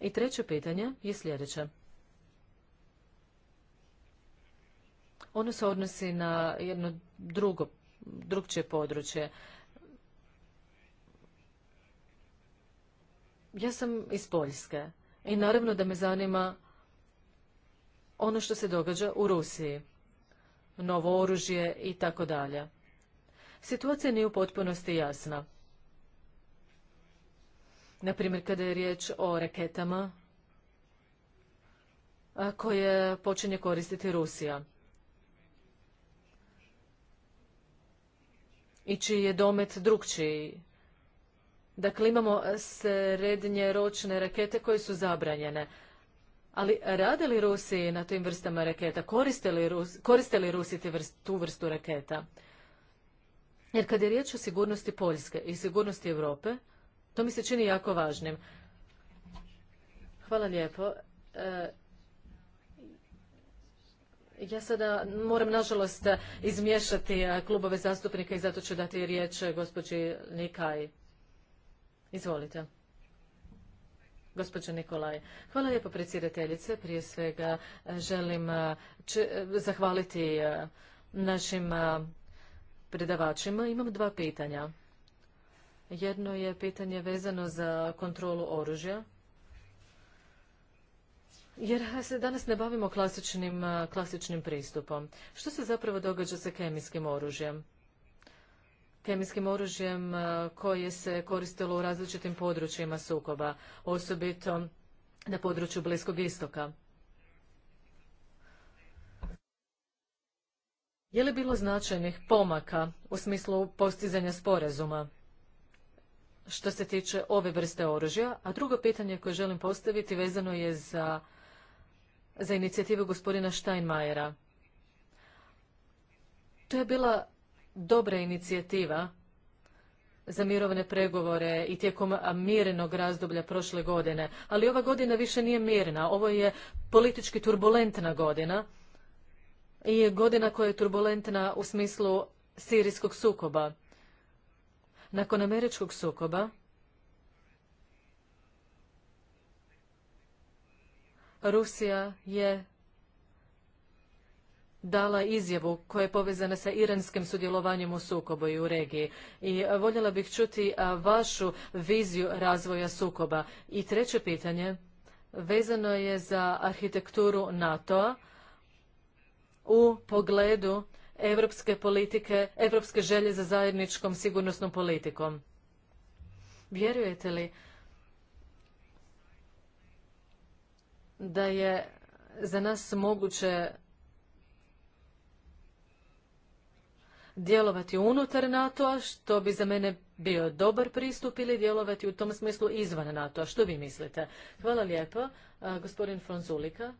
I treće pitanje je sljedeće. Ono se odnosi na jedno drugo, drugčije područje. Ja sam iz Poljske i naravno da me zanima ono što se događa u Rusiji novo oružje i tako dalje. Situacija nije u potpunosti jasna. Naprimjer, kada je riječ o raketama koje počinje koristiti Rusija. i čiji je domet drugčiji. Dakle, imamo srednje ročne rakete koje su zabranjene. Ali rade li Rusi na tim vrstama raketa? Koriste li, Rusi tu vrstu raketa? Jer kad je riječ o sigurnosti Poljske i sigurnosti Europe, to mi se čini jako važnim. Hvala lijepo. E, ja sada moram, nažalost, izmiješati e, klubove zastupnika i zato ću dati riječ gospođi Nikaj. Izvolite. Gospođo Nikolaj, hvala lijepo predsjedateljice. Prije svega e, želim e, e, zahvaliti našim predavačima. Imam dva pitanja. Jedno je pitanje vezano za kontrolu oružja. Jer se danas ne bavimo klasičnim pristupom. Što se zapravo događa sa kemijskim oružjem? kemijskim oružjem e, koje se koristilo u različitim područjima sukoba, osobito na području Bliskog istoka. Je li bilo značajnih pomaka u smislu postizanja sporazuma što se tiče ove vrste oružja? A drugo pitanje koje želim postaviti vezano je za, za inicijativu gospodina Steinmajera. To je bila dobra inicijativa za mirovne pregovore i tijekom mirenog razdoblja prošle godine. Ali ova godina više nije mirna. Ovo je politički turbulentna godina i je godina koja je turbulentna u smislu sirijskog sukoba. Nakon američkog sukoba Rusija je dala izjavu koja je povezana sa iranskim sudjelovanjem u sukobu i u regiji. I e, voljela bih čuti e, vašu viziju razvoja sukoba. I treće pitanje vezano je za arhitekturu NATO-a u pogledu europske politike, europske želje za zajedničkom sigurnosnom politikom. Vjerujete li da je za nas moguće djelovati unutar NATO-a, što bi za mene bio dobar pristup ili djelovati u tom smislu izvan NATO-a. Što vi mislite? Hvala lijepo. gospodin Fronzulika.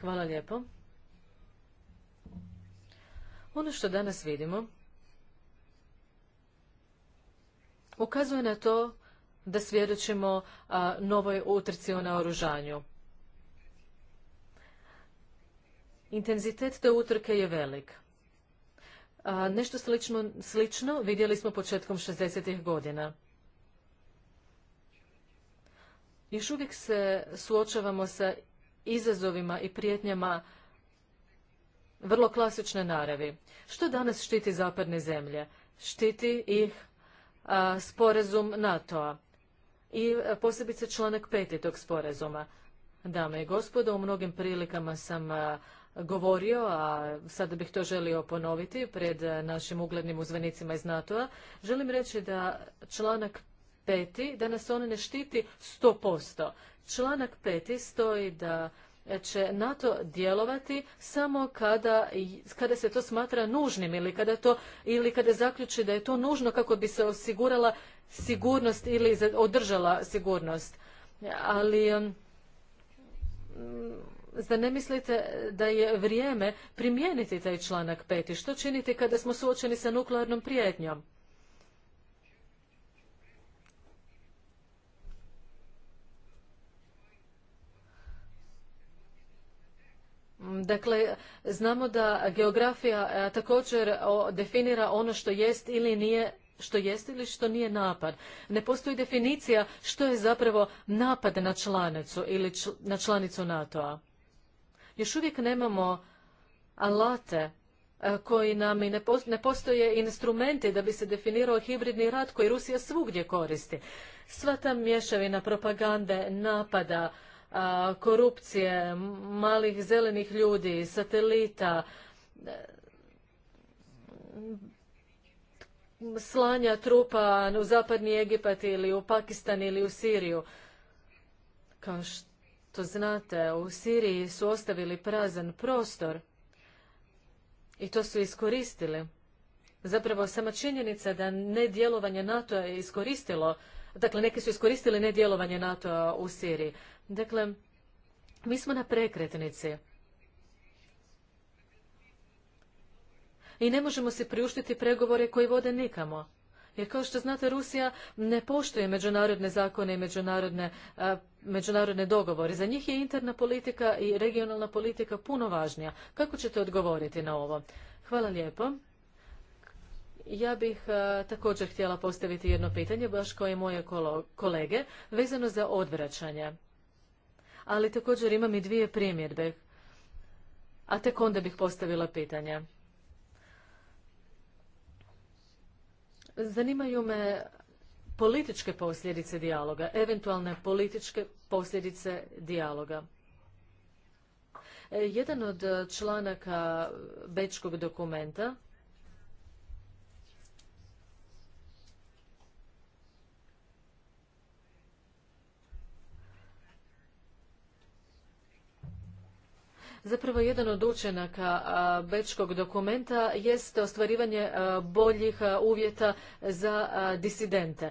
Hvala lijepo. Ono što danas vidimo ukazuje na to da svjedočimo novoj utrci o naoružanju. Intenzitet te utrke je velik. A, nešto slično, vidjeli smo početkom 60. godina. Još uvijek se suočavamo sa izazovima i prijetnjama vrlo klasične naravi. Što danas štiti zapadne zemlje? Štiti ih a, sporazum NATO-a i a, posebice članak peti tog sporazuma. Dame i gospodo, u mnogim prilikama sam govorio, a sada bih to želio ponoviti pred našim uglednim uzvenicima iz NATO-a, želim reći da članak peti, da nas on ne štiti posto. Članak peti stoji da će NATO djelovati samo kada, kada se to smatra nužnim ili kada, to, ili kada zaključi da je to nužno kako bi se osigurala sigurnost ili održala sigurnost. Ali um, Zda ne mislite da je vrijeme primijeniti taj članak peti? Što činiti kada smo suočeni sa nuklearnom prijetnjom? Dakle, znamo da geografija e, također definira ono što jest ili nije što jest ili što nije napad. Ne postoji definicija što je zapravo napad na članicu ili na članicu NATO-a. Još uvijek nemamo alate e, koji nam i ne postoje instrumenti da bi se definirao hibridni rat koji Rusija svugdje koristi. Sva ta mješavina propagande, napada, korupcije, malih zelenih ljudi, satelita, e, slanja trupa u zapadni Egipat ili u Pakistan ili u Siriju. Kao što to znate, u Siriji su ostavili prazan prostor i to su iskoristili. Zapravo sama činjenica da nedjelovanje nato je iskoristilo, dakle neki su iskoristili nedjelovanje nato u Siriji. Dakle, mi smo na prekretnici. I ne možemo se priuštiti pregovore koji vode nikamo. Jer kao što znate, Rusija ne poštuje međunarodne zakone i međunarodne međunarodne dogovore. Za njih je interna politika i regionalna politika puno važnija. Kako ćete odgovoriti na ovo? Hvala lijepo. Ja bih e, također htjela postaviti jedno pitanje, baš kao i moje kolege, vezano za odvraćanje. Ali također imam i dvije primjedbe, a tek onda bih postavila pitanje. Zanimaju me političke posljedice dijaloga, eventualne političke posljedice dijaloga. E, jedan od e, članaka Bečkog dokumenta Zapravo, jedan od učenaka Bečkog dokumenta jeste ostvarivanje boljih uvjeta za disidente.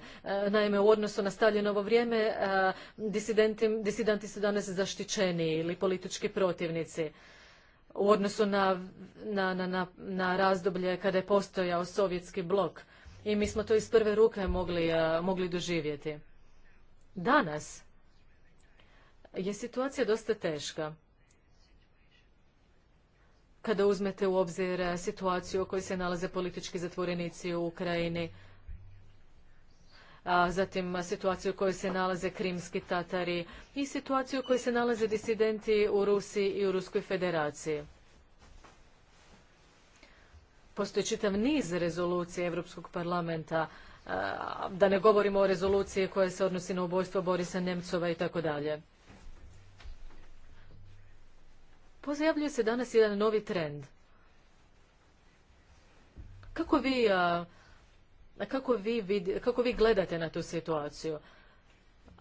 Naime, u odnosu na ovo vrijeme, disidenti su danas zaštićeni ili politički protivnici u odnosu na, razdoblje kada je postojao sovjetski blok i mi smo to iz prve ruke mogli, mogli doživjeti. Danas je situacija dosta teška kada uzmete u obzir e, situaciju u kojoj se nalaze politički zatvorenici u Ukrajini, a zatim situaciju u kojoj se nalaze krimski tatari i situaciju u kojoj se nalaze disidenti u Rusiji i u Ruskoj federaciji. Postoji čitav niz rezolucije Europskog parlamenta, e, da ne govorimo o rezoluciji koja se odnosi na ubojstvo Borisa Nemcova i tako dalje. pojavljuje se danas jedan novi trend. Kako vi, kako vi, kako vi gledate na tu situaciju?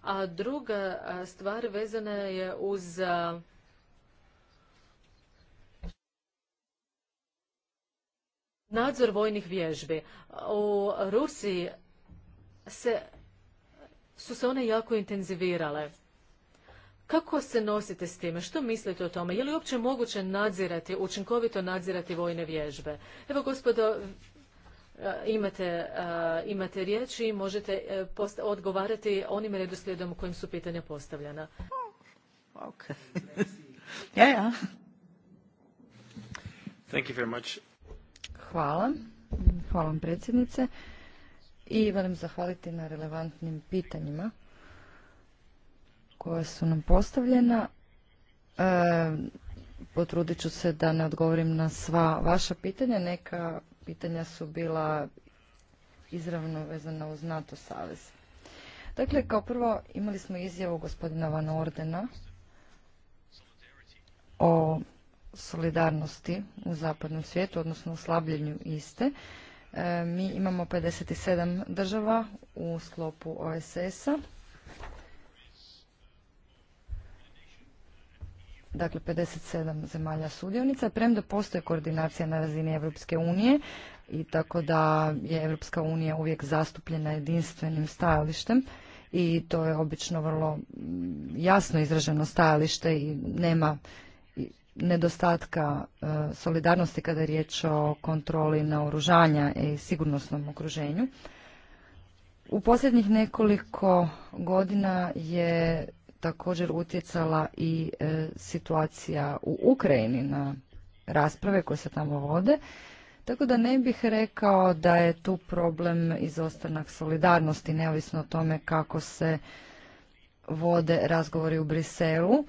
A druga stvar vezana je uz nadzor vojnih vježbi. U Rusiji se, su se one jako intenzivirale. Kako se nosite s time? Što mislite o tome? Je li uopće moguće nadzirati, učinkovito nadzirati vojne vježbe? Evo, gospodo, e, imate, e, imate riječ i možete e, odgovarati onim redoslijedom kojim su pitanja postavljena. Hvala. Hvala predsjednice i velim zahvaliti na relevantnim pitanjima koja su nam postavljena. E, potrudit ću se da ne odgovorim na sva vaša pitanja. Neka pitanja su bila izravno vezana uz NATO savez. Dakle, kao prvo imali smo izjavu gospodina Van Ordena o solidarnosti u zapadnom svijetu, odnosno slabljenju iste. E, mi imamo 57 država u sklopu OSS-a dakle 57 zemalja sudionica, premda postoje koordinacija na razini Europske unije i tako da je Europska unija uvijek zastupljena jedinstvenim stajalištem i to je obično vrlo mm, jasno izraženo stajalište i nema nedostatka e, solidarnosti kada je riječ o kontroli naoružanja i sigurnosnom okruženju. U posljednjih nekoliko godina je također utjecala i e, situacija u Ukrajini na rasprave koje se tamo vode. Tako da ne bih rekao da je tu problem izostanak solidarnosti, neovisno o tome kako se vode razgovori u Briselu. E,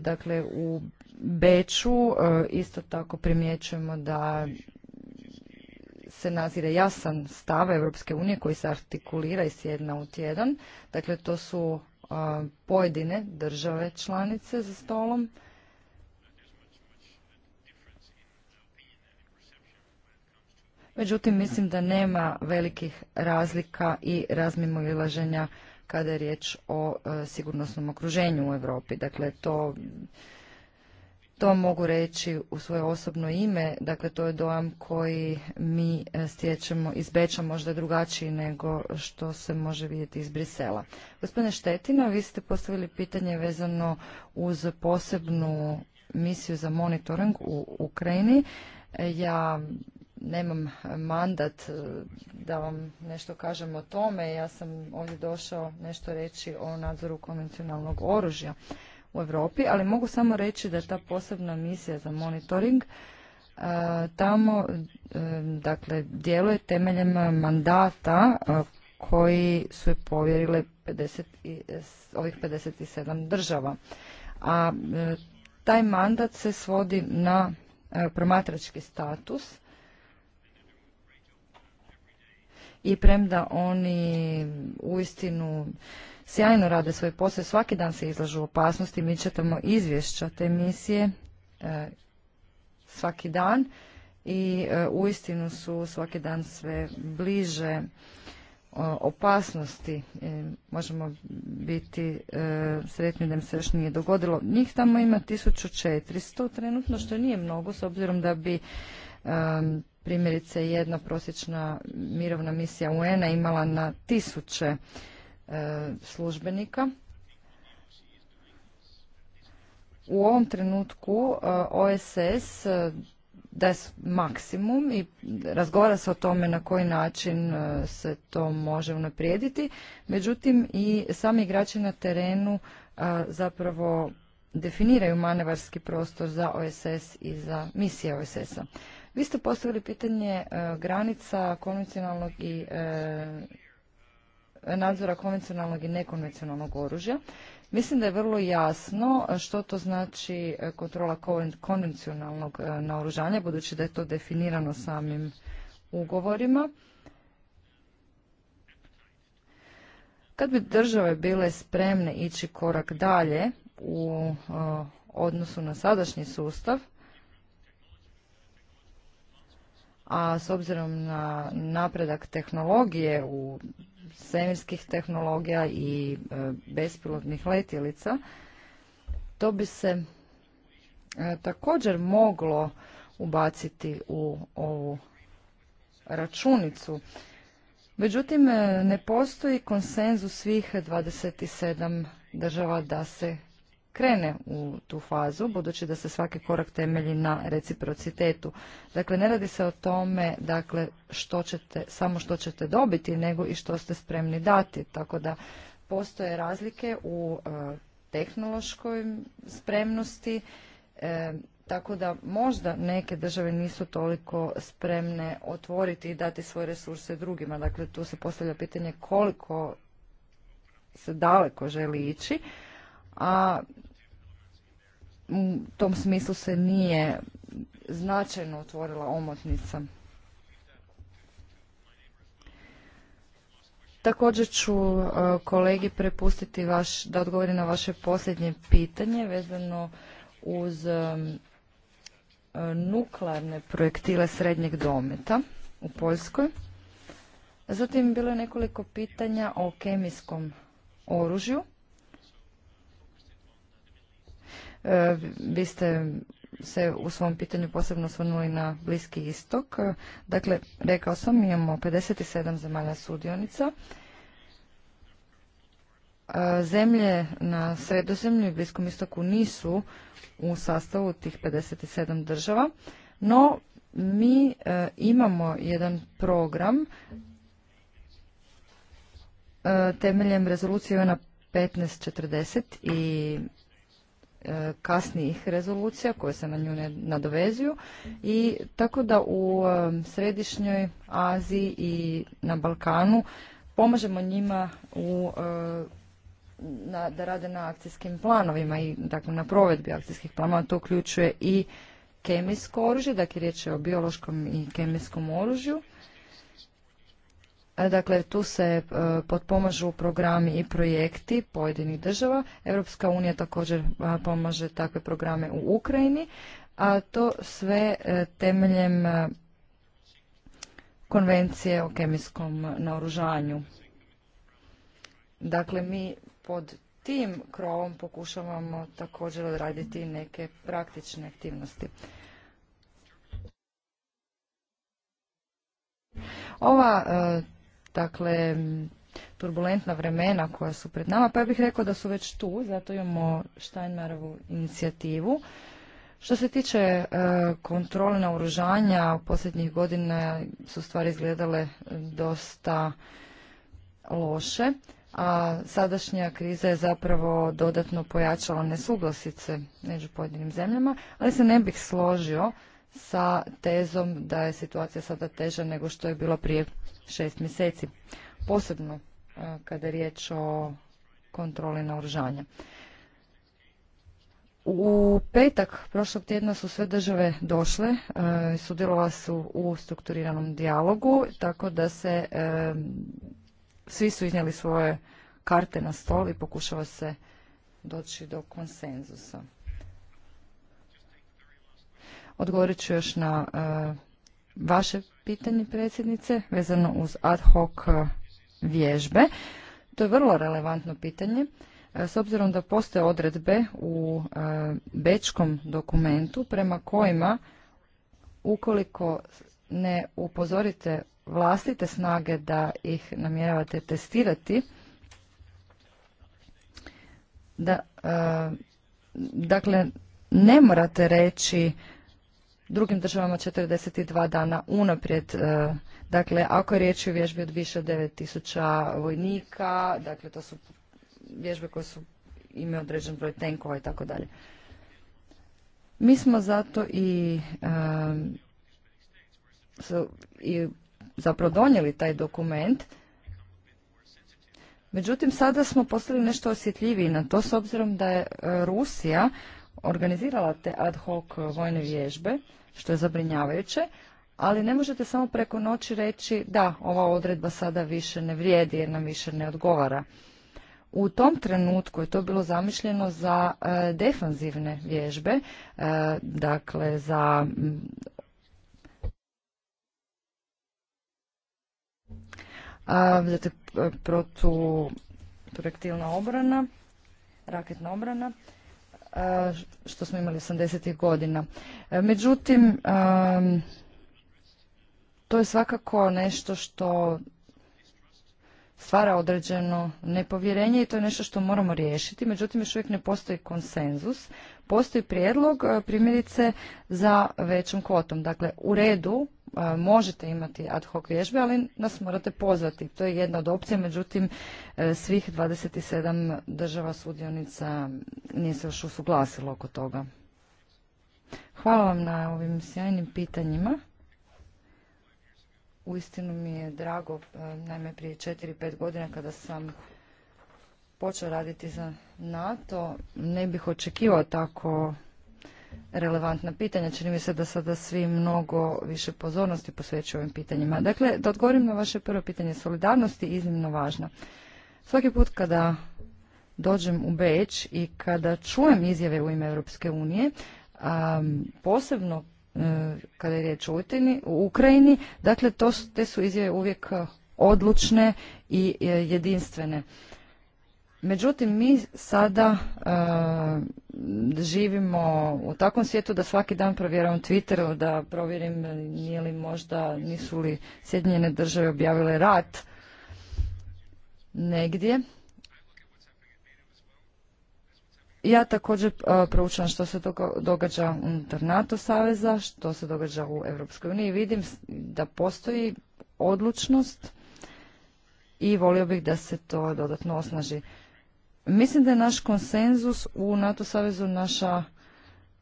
dakle, u Beču e, isto tako primjećujemo da se nazire jasan stav Europske unije koji se artikulira iz jedna u tjedan. Dakle, to su pojedine države članice za stolom. Međutim, mislim da nema velikih razlika i razmimoilaženja kada je riječ o sigurnosnom okruženju u Europi. Dakle, to to mogu reći u svoje osobno ime, dakle to je dojam koji mi e, stječemo iz Beča možda drugačiji nego što se može vidjeti iz Brisela. Gospodine Štetina, vi ste postavili pitanje vezano uz posebnu misiju za monitoring u Ukrajini. E, ja nemam mandat e, da vam nešto kažem o tome, ja sam ovdje došao nešto reći o nadzoru konvencionalnog oružja u Europi, ali mogu samo reći da ta posebna misija za monitoring e, tamo e, dakle djeluje temeljem mandata e, koji su je povjerile 50 ovih 57 država. A taj mandat se svodi na promatrački status i premda oni uistinu sjajno rade svoj posao, svaki dan se izlažu opasnosti, mi četamo izvješća te misije e, svaki dan i e, uistinu su svaki dan sve bliže e, opasnosti. Možemo biti sretni da im se još nije dogodilo. Njih tamo ima 1400 trenutno, što nije mnogo, s obzirom da bi primjerice jedna prosječna mirovna misija UN-a imala na tisuće E, službenika. U ovom trenutku e, OSS e, da maksimum i razgovara se o tome na koji način se to može unaprijediti. Međutim, i sami igrači na terenu zapravo definiraju manevarski prostor za OSS i za misije OSS-a. Vi ste postavili pitanje granica konvencionalnog i nadzora konvencionalnog i nekonvencionalnog oružja. Mislim da je vrlo jasno što to znači e, kontrola konvencionalnog e, naoružanja, budući da je to definirano samim ugovorima. Kad bi države bile spremne ići korak dalje u e, odnosu na sadašnji sustav, a s obzirom na napredak tehnologije u svemirskih tehnologija i e, bespilotnih letjelica, to bi se e, također moglo ubaciti u ovu računicu. Međutim, e, ne postoji konsenzus svih 27 država da se krene u tu fazu, budući da se svaki korak temelji na reciprocitetu. Dakle, ne radi se o tome dakle, što ćete, samo što ćete dobiti, nego i što ste spremni dati. Tako da postoje razlike u e, tehnološkoj spremnosti, e, tako da možda neke države nisu toliko spremne otvoriti i dati svoje resurse drugima. Dakle, tu se postavlja pitanje koliko se daleko želi ići, a u tom smislu se nije značajno otvorila omotnica. Također ću e, kolegi prepustiti vaš, da odgovori na vaše posljednje pitanje vezano uz e, nuklearne projektile srednjeg dometa u Poljskoj. Zatim bilo je nekoliko pitanja o kemijskom oružju. E, vi ste se u svom pitanju posebno osvrnuli na Bliski istok. Dakle, rekao sam, imamo 57 zemalja sudionica. E, zemlje na sredozemlju i Bliskom istoku nisu u sastavu tih 57 država, no mi e, imamo jedan program temeljem rezolucije ona 1540 i E, kasnijih rezolucija koje se na nju ne nadovezuju i tako da u e, središnjoj Aziji i na Balkanu pomažemo njima u e, na, da rade na akcijskim planovima i dakle na provedbi akcijskih planova to uključuje i kemijsko oružje, dakle riječ je o biološkom i kemijskom oružju Dakle, tu se e, potpomažu programi i projekti pojedinih država. Europska unija također pomaže takve programe u Ukrajini, a to sve e, temeljem e, konvencije o kemijskom naoružanju. Dakle, mi pod tim krovom pokušavamo također odraditi neke praktične aktivnosti. Ova dakle turbulentna vremena koja su pred nama, pa ja bih rekao da su već tu, zato imamo Steinmarovu inicijativu. Što se tiče e, kontrole u posljednjih godina su stvari izgledale dosta loše, a sadašnja kriza je zapravo dodatno pojačala nesuglasice među pojedinim zemljama, ali se ne bih složio sa tezom da je situacija sada teža nego što je bilo prije šest mjeseci. Posebno e, kada je riječ o kontroli naoružanja. U petak prošlog tjedna su sve države došle, e, su u strukturiranom dijalogu, tako da se e, svi su iznijeli svoje karte na stol i pokušava se doći do konsenzusa. Odgovorit ću još na e, vaše pitanje, predsjednice, vezano uz ad hoc e, vježbe. To je vrlo relevantno pitanje. E, s obzirom da postoje odredbe u bečkom dokumentu prema kojima ukoliko ne upozorite vlastite snage da ih namjeravate testirati, da, dakle, ne morate reći drugim državama 42 dana unaprijed. E, dakle, ako je riječ o vježbi od više od 9000 vojnika, dakle to su vježbe koje su ime određen broj tenkova i tako dalje. Mi smo zato i, e, i zapravo donijeli taj dokument. Međutim, sada smo postali nešto osjetljiviji na to s obzirom da je Rusija organizirala te ad hoc vojne vježbe što je zabrinjavajuće, ali ne možete samo preko noći reći da, ova odredba sada više ne vrijedi jer nam više ne odgovara. U tom trenutku je to bilo zamišljeno za e, defanzivne vježbe, e, dakle za mm, a, e, protu projektilna obrana, raketna obrana što smo imali 80. godina. E, međutim, to je svakako nešto što stvara određeno nepovjerenje i to je nešto što moramo riješiti. Međutim, još uvijek ne postoji konsenzus. Postoji prijedlog e, primjerice za većom kvotom. Dakle, u redu e, možete imati ad hoc vježbe, ali nas morate pozvati. To je jedna od opcija, međutim e, svih 27 država sudionica nije se još usuglasilo oko toga. Hvala vam na ovim sjajnim pitanjima. Uistinu mi je drago, e, najme prije 4-5 godina kada sam počeo raditi za NATO, ne bih očekivao tako relevantna pitanja. Čini mi se da sada svi mnogo više pozornosti posvećuju ovim pitanjima. Dakle, da odgovorim na vaše prvo pitanje. solidarnosti je iznimno važna. Svaki put kada dođem u Beč i kada čujem izjave u ime Europske unije, posebno E, kada je riječ o Ukrajini. Dakle, to, te su izjave uvijek e, odlučne i e, jedinstvene. Međutim, mi sada živimo u takvom svijetu da svaki dan provjeram Twitter, da provjerim nije li možda, nisu li Sjedinjene države objavile rat negdje. Ja također e, proučavam što se događa unutar NATO saveza, što se događa u Europskoj uniji. Vidim da postoji odlučnost i volio bih da se to dodatno osnaži. Mislim da je naš konsenzus u NATO savezu naša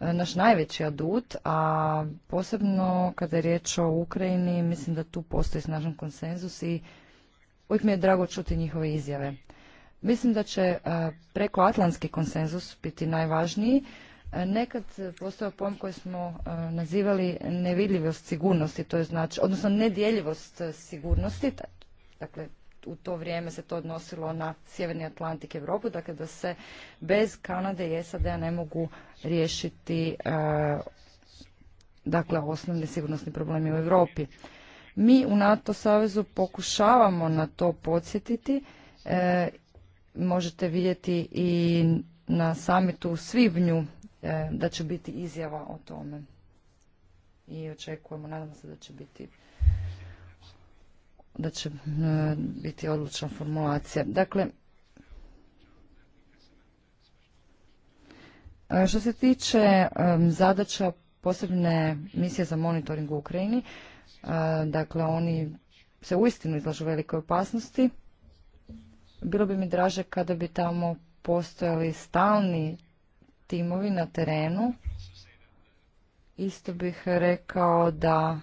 e, naš najveći adut, a posebno kada je riječ o Ukrajini, mislim da tu postoji snažan konsenzus i uvijek mi je drago čuti njihove izjave. Mislim da će e, preko atlantski konsenzus biti najvažniji. E, nekad postoje pojam koji smo e, nazivali nevidljivost sigurnosti, to je znači, odnosno nedjeljivost sigurnosti, dakle u to vrijeme se to odnosilo na Sjeverni Atlantik Europu, dakle da se bez Kanade i sad ne mogu riješiti dakle osnovni sigurnosni problemi u Europi. Mi u NATO savezu pokušavamo na to podsjetiti možete vidjeti i na samitu u Svibnju e, da će biti izjava o tome. I očekujemo, nadam se da će biti da će e, biti odlučna formulacija. Dakle, e, što se tiče zadaća posebne misije za monitoring u Ukrajini, dakle oni se uistinu izlažu velikoj opasnosti bilo bi mi draže kada bi tamo postojali stalni timovi na terenu. Isto bih rekao da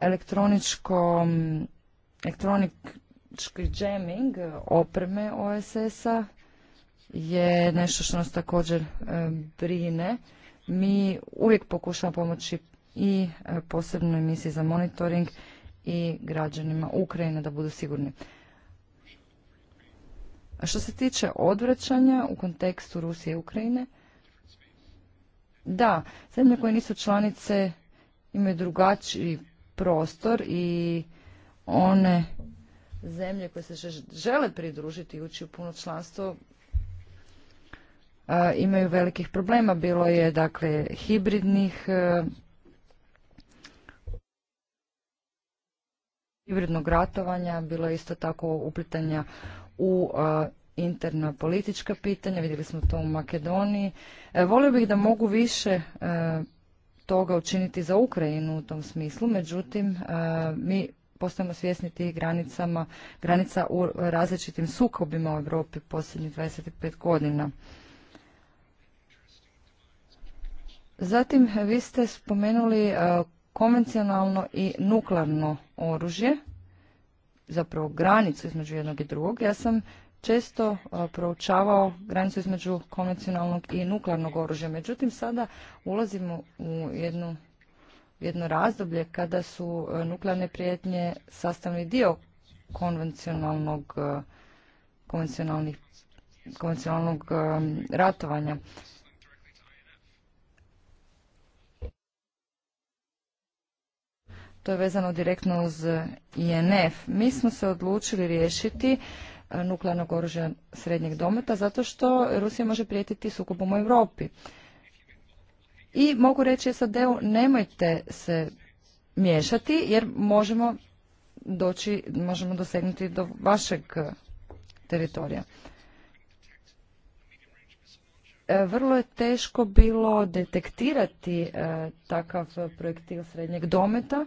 elektroničko elektronički jamming opreme OSS-a je nešto što nas također e, brine. Mi uvijek pokušamo pomoći i e, posebnoj emisiji za monitoring i građanima Ukrajine da budu sigurni. A što se tiče odvraćanja u kontekstu Rusije i Ukrajine, da, zemlje koje nisu članice imaju drugačiji prostor i one zemlje koje se žele pridružiti i ući u puno članstvo imaju velikih problema. Bilo je dakle hibridnih e, hibridnog ratovanja, bilo je isto tako uplitanja u interna politička pitanja, vidjeli smo to u Makedoniji. E, volio bih da mogu više e, toga učiniti za Ukrajinu u tom smislu, međutim e, mi postajemo svjesni tih granicama, granica u različitim sukobima u Europi posljednjih 25 godina. Zatim vi ste spomenuli konvencionalno i nuklearno oružje, zapravo granicu između jednog i drugog. Ja sam često proučavao granicu između konvencionalnog i nuklearnog oružja. Međutim, sada ulazimo u jednu, jedno razdoblje kada su nuklearne prijetnje sastavni dio konvencionalnog ratovanja. to je vezano direktno uz INF. Mi smo se odlučili riješiti e, nuklearnog oružja srednjeg dometa zato što Rusija može prijetiti sukobom u Europi. I mogu reći SAD-u nemojte se miješati jer možemo doći, možemo dosegnuti do vašeg teritorija. E, vrlo je teško bilo detektirati e, takav projektil srednjeg dometa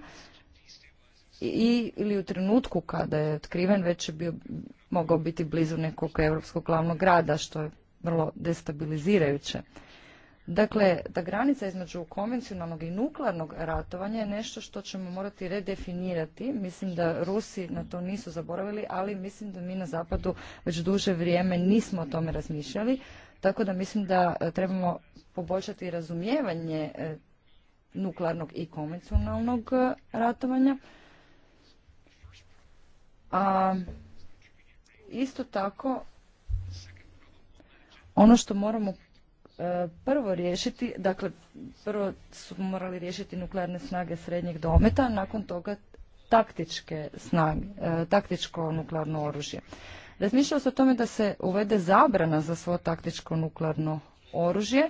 i, ili u trenutku kada je otkriven već je bio, mogao biti blizu nekog europskog glavnog grada što je vrlo destabilizirajuće. Dakle, ta granica između konvencionalnog i nuklearnog ratovanja je nešto što ćemo morati redefinirati. Mislim da Rusi na to nisu zaboravili, ali mislim da mi na zapadu već duže vrijeme nismo o tome razmišljali. Tako da mislim da e, trebamo poboljšati razumijevanje e, nuklearnog i konvencionalnog e, ratovanja a isto tako, ono što moramo e, prvo riješiti, dakle prvo su morali riješiti nuklearne snage srednjeg dometa, nakon toga taktičke snage, e, taktičko nuklearno oružje. Razmišljao se o tome da se uvede zabrana za svo taktičko nuklearno oružje,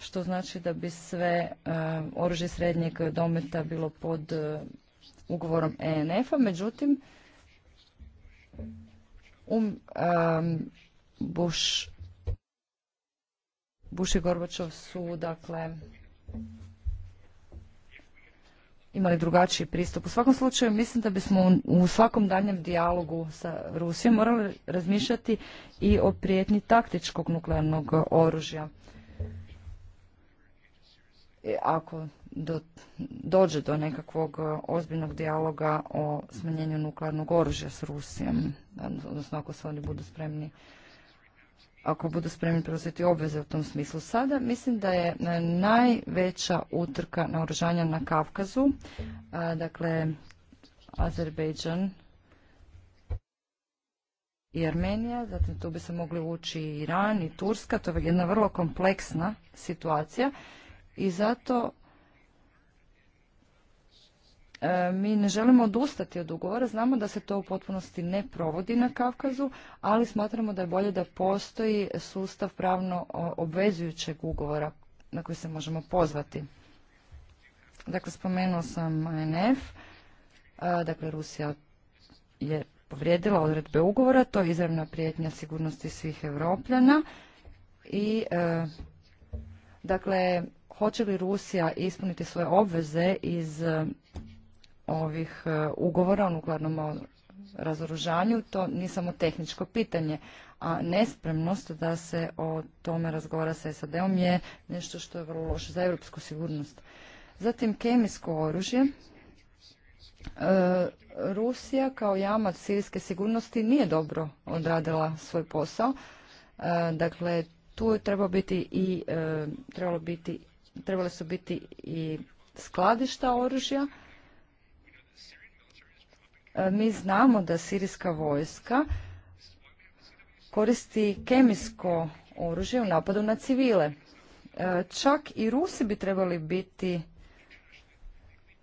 što znači da bi sve e, oružje srednjeg dometa bilo pod ugovorom ENF-a, međutim Um, Bush, i Gorbačov su, dakle, imali drugačiji pristup. U svakom slučaju mislim da bismo u svakom danjem dijalogu sa Rusijom morali razmišljati i o prijetnji taktičkog nuklearnog oružja. E, ako do, dođe do nekakvog e, ozbiljnog dijaloga o smanjenju nuklearnog oružja s Rusijom, odnosno ako se oni budu spremni ako budu spremni preuzeti obveze u tom smislu. Sada mislim da je e, najveća utrka naoružanja na Kavkazu, e, dakle Azerbejdžan i Armenija, zatim tu bi se mogli ući i Iran i Turska, to je jedna vrlo kompleksna situacija i zato E, mi ne želimo odustati od ugovora, znamo da se to u potpunosti ne provodi na Kavkazu, ali smatramo da je bolje da postoji sustav pravno obvezujućeg ugovora na koji se možemo pozvati. Dakle, spomenuo sam ANF, e, dakle Rusija je povrijedila odredbe ugovora, to je izravna prijetnja sigurnosti svih Evropljana i e, dakle, hoće li Rusija ispuniti svoje obveze iz ovih e, ugovora o nuklearnom razoružanju, to nije samo tehničko pitanje, a nespremnost da se o tome razgovara sa SAD-om je nešto što je vrlo loše za europsku sigurnost. Zatim kemijsko oružje. E, Rusija kao jamac sirijske sigurnosti nije dobro odradila svoj posao. E, dakle, tu je trebao biti i trebalo biti trebale su biti i skladišta oružja E, mi znamo da sirijska vojska koristi kemijsko oružje u napadu na civile. E, čak i Rusi bi trebali biti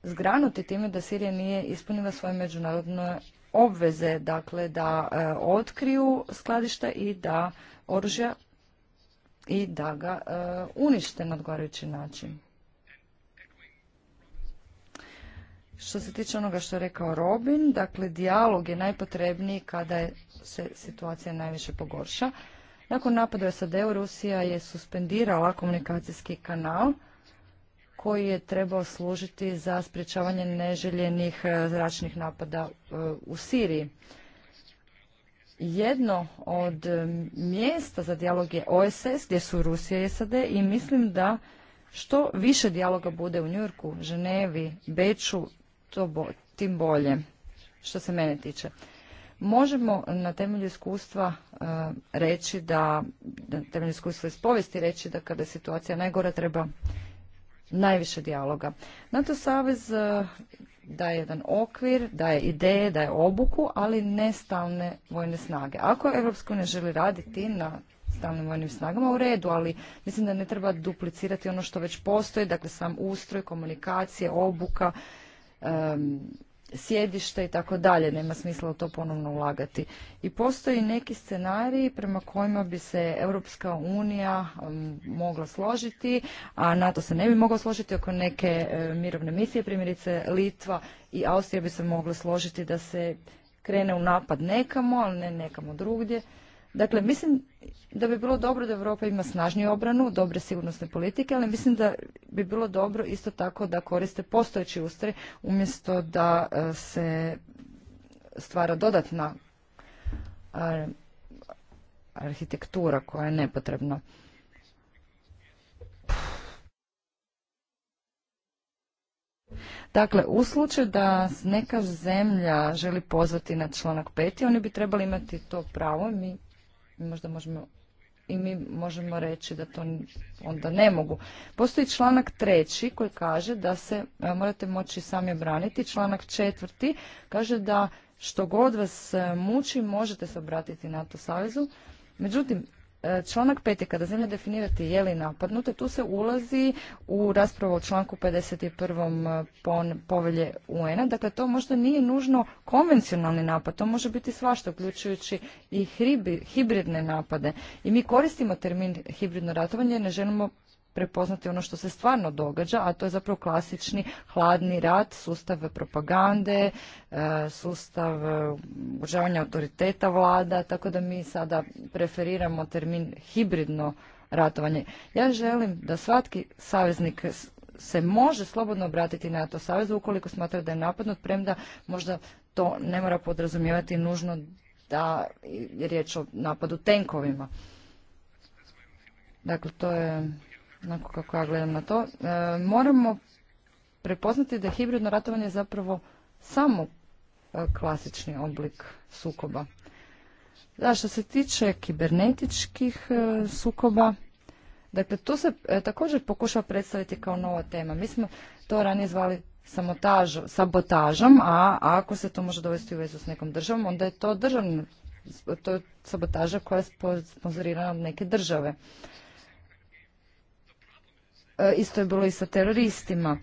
zgranuti time da Sirija nije ispunila svoje međunarodne obveze, dakle da e, otkriju skladišta i da oružja i da ga unište na odgovarajući način. Što se tiče onoga što je rekao Robin, dakle dijalog je najpotrebniji kada je, se situacija najviše pogorša. Nakon napada SAD-u Rusija je suspendirala komunikacijski kanal koji je trebao služiti za sprječavanje neželjenih e, zračnih napada e, u Siriji. Jedno od e, mjesta za dijalog je OSS gdje su Rusija i SAD i mislim da što više dijaloga bude u Njurku, Ženevi, Beču, tim bolje, što se mene tiče. Možemo na temelju iskustva e, reći da, na temelju iskustva iz povijesti reći da kada je situacija najgora treba najviše dijaloga. NATO savez e, daje jedan okvir, daje ideje, daje obuku, ali ne stalne vojne snage. Ako europska ne želi raditi na stalnim vojnim snagama u redu, ali mislim da ne treba duplicirati ono što već postoji, dakle sam ustroj, komunikacije, obuka, sjedište i tako dalje, nema smisla u to ponovno ulagati. I postoji neki scenariji prema kojima bi se Europska unija mogla složiti, a NATO se ne bi mogao složiti oko neke mirovne misije, primjerice Litva i Austrija bi se mogle složiti da se krene u napad nekamo, ali ne nekamo drugdje. Dakle, mislim da bi bilo dobro da Europa ima snažniju obranu, dobre sigurnosne politike, ali mislim da bi bilo dobro isto tako da koriste postojeći ustroj umjesto da e, se stvara dodatna e, arhitektura koja je nepotrebna. Dakle, u slučaju da neka zemlja želi pozvati na članak peti, oni bi trebali imati to pravo. Mi možda možemo i mi možemo reći da to onda ne mogu. Postoji članak treći koji kaže da se e, morate moći sami obraniti. Članak četvrti kaže da što god vas e, muči možete se obratiti NATO savezu. Međutim, E, članak 5. kada zemlja definirati je li napadnuta, tu se ulazi u raspravu o članku 51. povelje UN-a. Dakle, to možda nije nužno konvencionalni napad, to može biti svašta, uključujući i hibridne napade. I mi koristimo termin hibridno ratovanje, ne želimo prepoznati ono što se stvarno događa, a to je zapravo klasični hladni rat, sustav propagande, e, sustav uđavanja e, autoriteta vlada, tako da mi sada preferiramo termin hibridno ratovanje. Ja želim da svatki saveznik se može slobodno obratiti na to savezu ukoliko smatra da je napadnut, premda možda to ne mora podrazumijevati nužno da je riječ o napadu tenkovima. Dakle, to je onako kako ja gledam na to, e, moramo prepoznati da je hibridno ratovanje zapravo samo e, klasični oblik sukoba. Da, što se tiče kibernetičkih e, sukoba, dakle, to se također pokušava predstaviti kao nova tema. Mi smo to ranije zvali sabotažom, a ako se to može dovesti u vezu s nekom državom, onda je to državna, sabotaža koja je sponzorirana od neke države. E, isto je bilo i sa teroristima.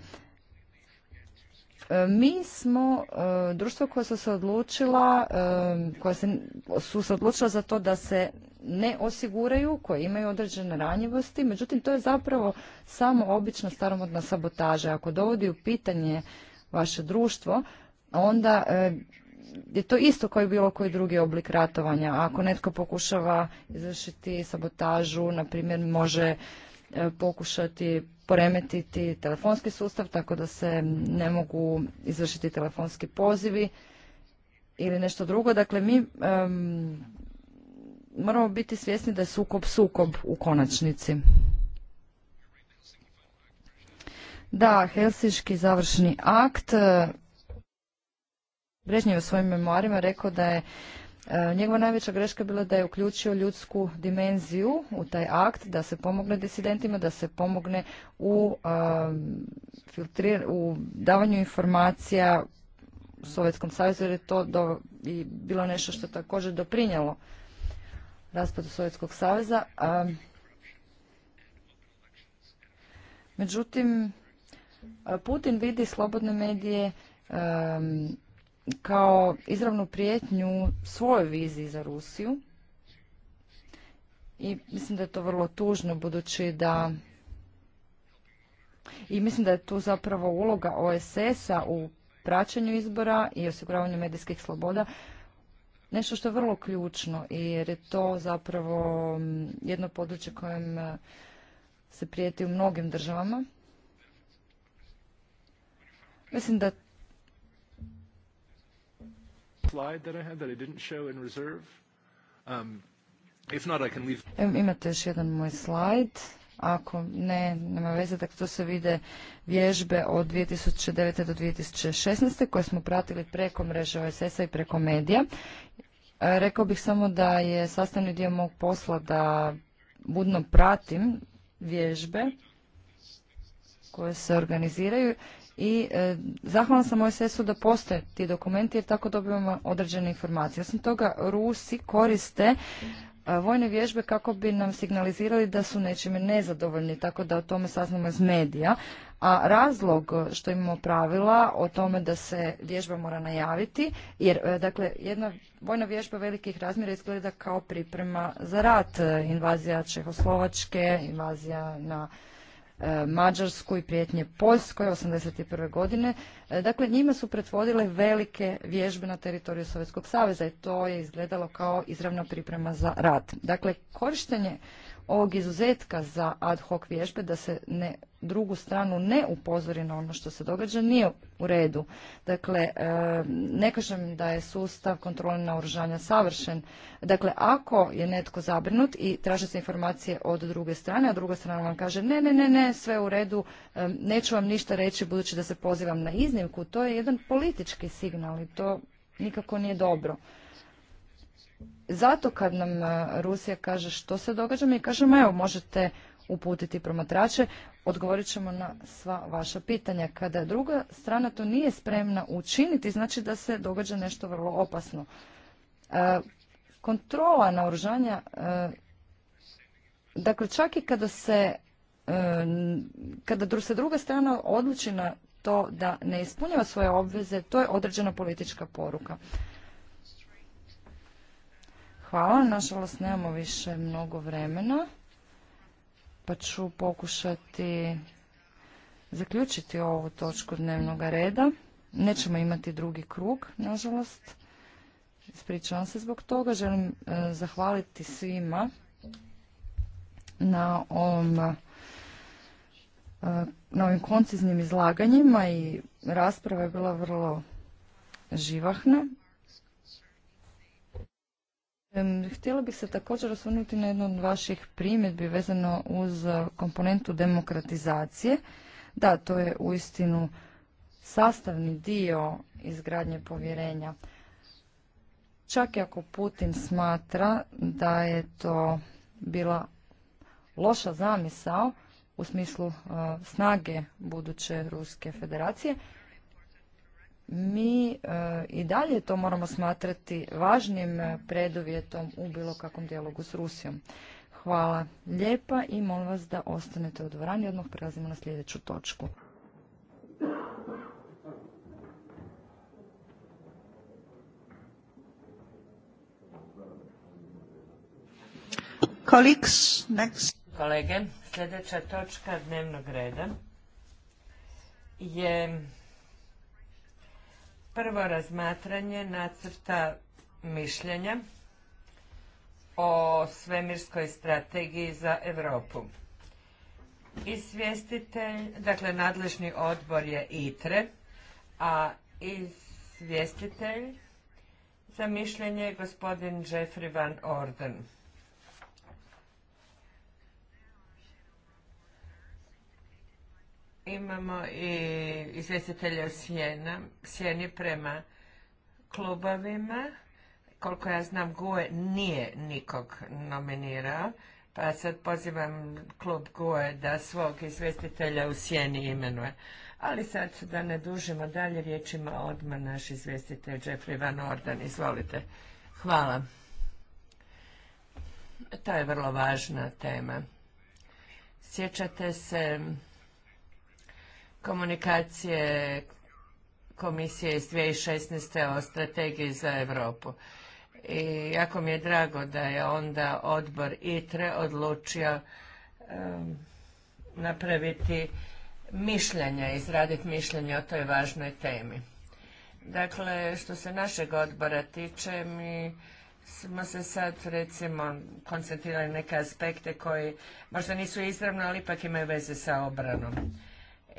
E, mi smo e, društvo koja su se odlučila, koja se, su se odlučila za to da se ne osiguraju, koje imaju određene ranjivosti, međutim to je zapravo samo obična staromodna sabotaža. Ako dovodi u pitanje vaše društvo, onda je to isto kao i bilo koji drugi oblik ratovanja. Ako netko pokušava izvršiti sabotažu, na primjer može E, pokušati poremetiti telefonski sustav tako da se ne mogu izvršiti telefonski pozivi ili nešto drugo. Dakle, mi moramo biti svjesni da je sukob sukob u konačnici. Da, Helsiški završni akt. E, je u svojim memoarima rekao da je E, njegova najveća greška bila da je uključio ljudsku dimenziju u taj akt, da se pomogne disidentima, da se pomogne u, um, filtrir, u davanju informacija u Sovjetskom savezu, jer je to do, i bilo nešto što je također doprinjelo raspadu Sovjetskog saveza. Međutim, Putin vidi slobodne medije um, kao izravnu prijetnju svojoj viziji za Rusiju. I mislim da je to vrlo tužno budući da i mislim da je tu zapravo uloga OSS-a u praćenju izbora i osiguravanju medijskih sloboda nešto što je vrlo ključno jer je to zapravo mm, jedno područje kojem e, se prijeti u mnogim državama. Mislim da slide that I had that I didn't show in reserve? Um, if not, I can leave. Imate još jedan moj slajd. Ako ne, nema veze, da dakle, to se vide vježbe od 2009. do 2016. koje smo pratili preko mreže OSS-a i preko medija. E, rekao bih samo da je sastavni dio mog posla da budno pratim vježbe koje se organiziraju i e, sam moj sesu da postoje ti dokumenti jer tako dobivamo određene informacije. Osim toga, Rusi koriste e, vojne vježbe kako bi nam signalizirali da su nečime nezadovoljni, tako da o tome saznamo iz medija. A razlog što imamo pravila o tome da se vježba mora najaviti, jer e, dakle, jedna vojna vježba velikih razmjera izgleda kao priprema za rat, e, invazija Čehoslovačke, invazija na E, Mađarsku i prijetnje Poljskoj 1981. godine. E, dakle, njima su pretvodile velike vježbe na teritoriju Sovjetskog saveza i to je izgledalo kao izravna priprema za rat. Dakle, korištenje ovog izuzetka za ad hoc vježbe da se ne drugu stranu ne upozori na ono što se događa nije u redu. Dakle, e, ne kažem da je sustav kontrole naoružanja savršen. Dakle, ako je netko zabrinut i traže se informacije od druge strane, a druga strana vam kaže ne, ne, ne, ne, sve u redu, e, neću vam ništa reći budući da se pozivam na iznimku, to je jedan politički signal i to nikako nije dobro. Zato kad nam e, Rusija kaže što se događa, mi kažemo evo možete uputiti promatrače odgovorit ćemo na sva vaša pitanja. Kada druga strana to nije spremna učiniti, znači da se događa nešto vrlo opasno. E, kontrola naoružanja, e, dakle čak i kada se e, kada se druga strana odluči na to da ne ispunjava svoje obveze, to je određena politička poruka. Hvala, nažalost nemamo više mnogo vremena pa ću pokušati zaključiti ovu točku dnevnog reda. Nećemo imati drugi krug, nažalost. Ispričavam se zbog toga. Želim e, zahvaliti svima na ovom e, na ovim konciznim izlaganjima i rasprava je bila vrlo živahna. Htjela bih se također osvrnuti na jednu od vaših primjedbi vezano uz e, komponentu demokratizacije. Da, to je uistinu sastavni dio izgradnje povjerenja. Čak i ako Putin smatra da je to bila loša zamisao u smislu e, snage buduće Ruske federacije, mi e, i dalje to moramo smatrati važnim e, preduvjetom u bilo kakvom dijalogu s Rusijom. Hvala lijepa i molim vas da ostanete u dvorani, odmah prelazimo na sljedeću točku. Kolege, sljedeća točka dnevnog reda je prvo razmatranje nacrta mišljenja o svemirskoj strategiji za Europu. Izvjestitelj, dakle nadležni odbor je ITRE, a izvjestitelj za mišljenje je gospodin Jeffrey Van Orden. Imamo i izvjestitelja sjena, sjeni prema klubovima. Koliko ja znam, GUE nije nikog nominirao, pa sad pozivam klub GUE da svog izvjestitelja u sjeni imenuje. Ali sad da ne dužimo dalje, riječima odmah naš izvjestitelj Jeffrey Van Orden. Izvolite. Hvala. To je vrlo važna tema. Sjećate se komunikacije komisije iz 2016. o strategiji za Europu. I jako mi je drago da je onda odbor ITRE odlučio napraviti mišljenja, izraditi mišljenje o toj važnoj temi. Dakle, što se našeg odbora tiče, mi smo se sad recimo koncentrirali neke aspekte koji možda nisu izravno, ali ipak imaju veze sa obranom.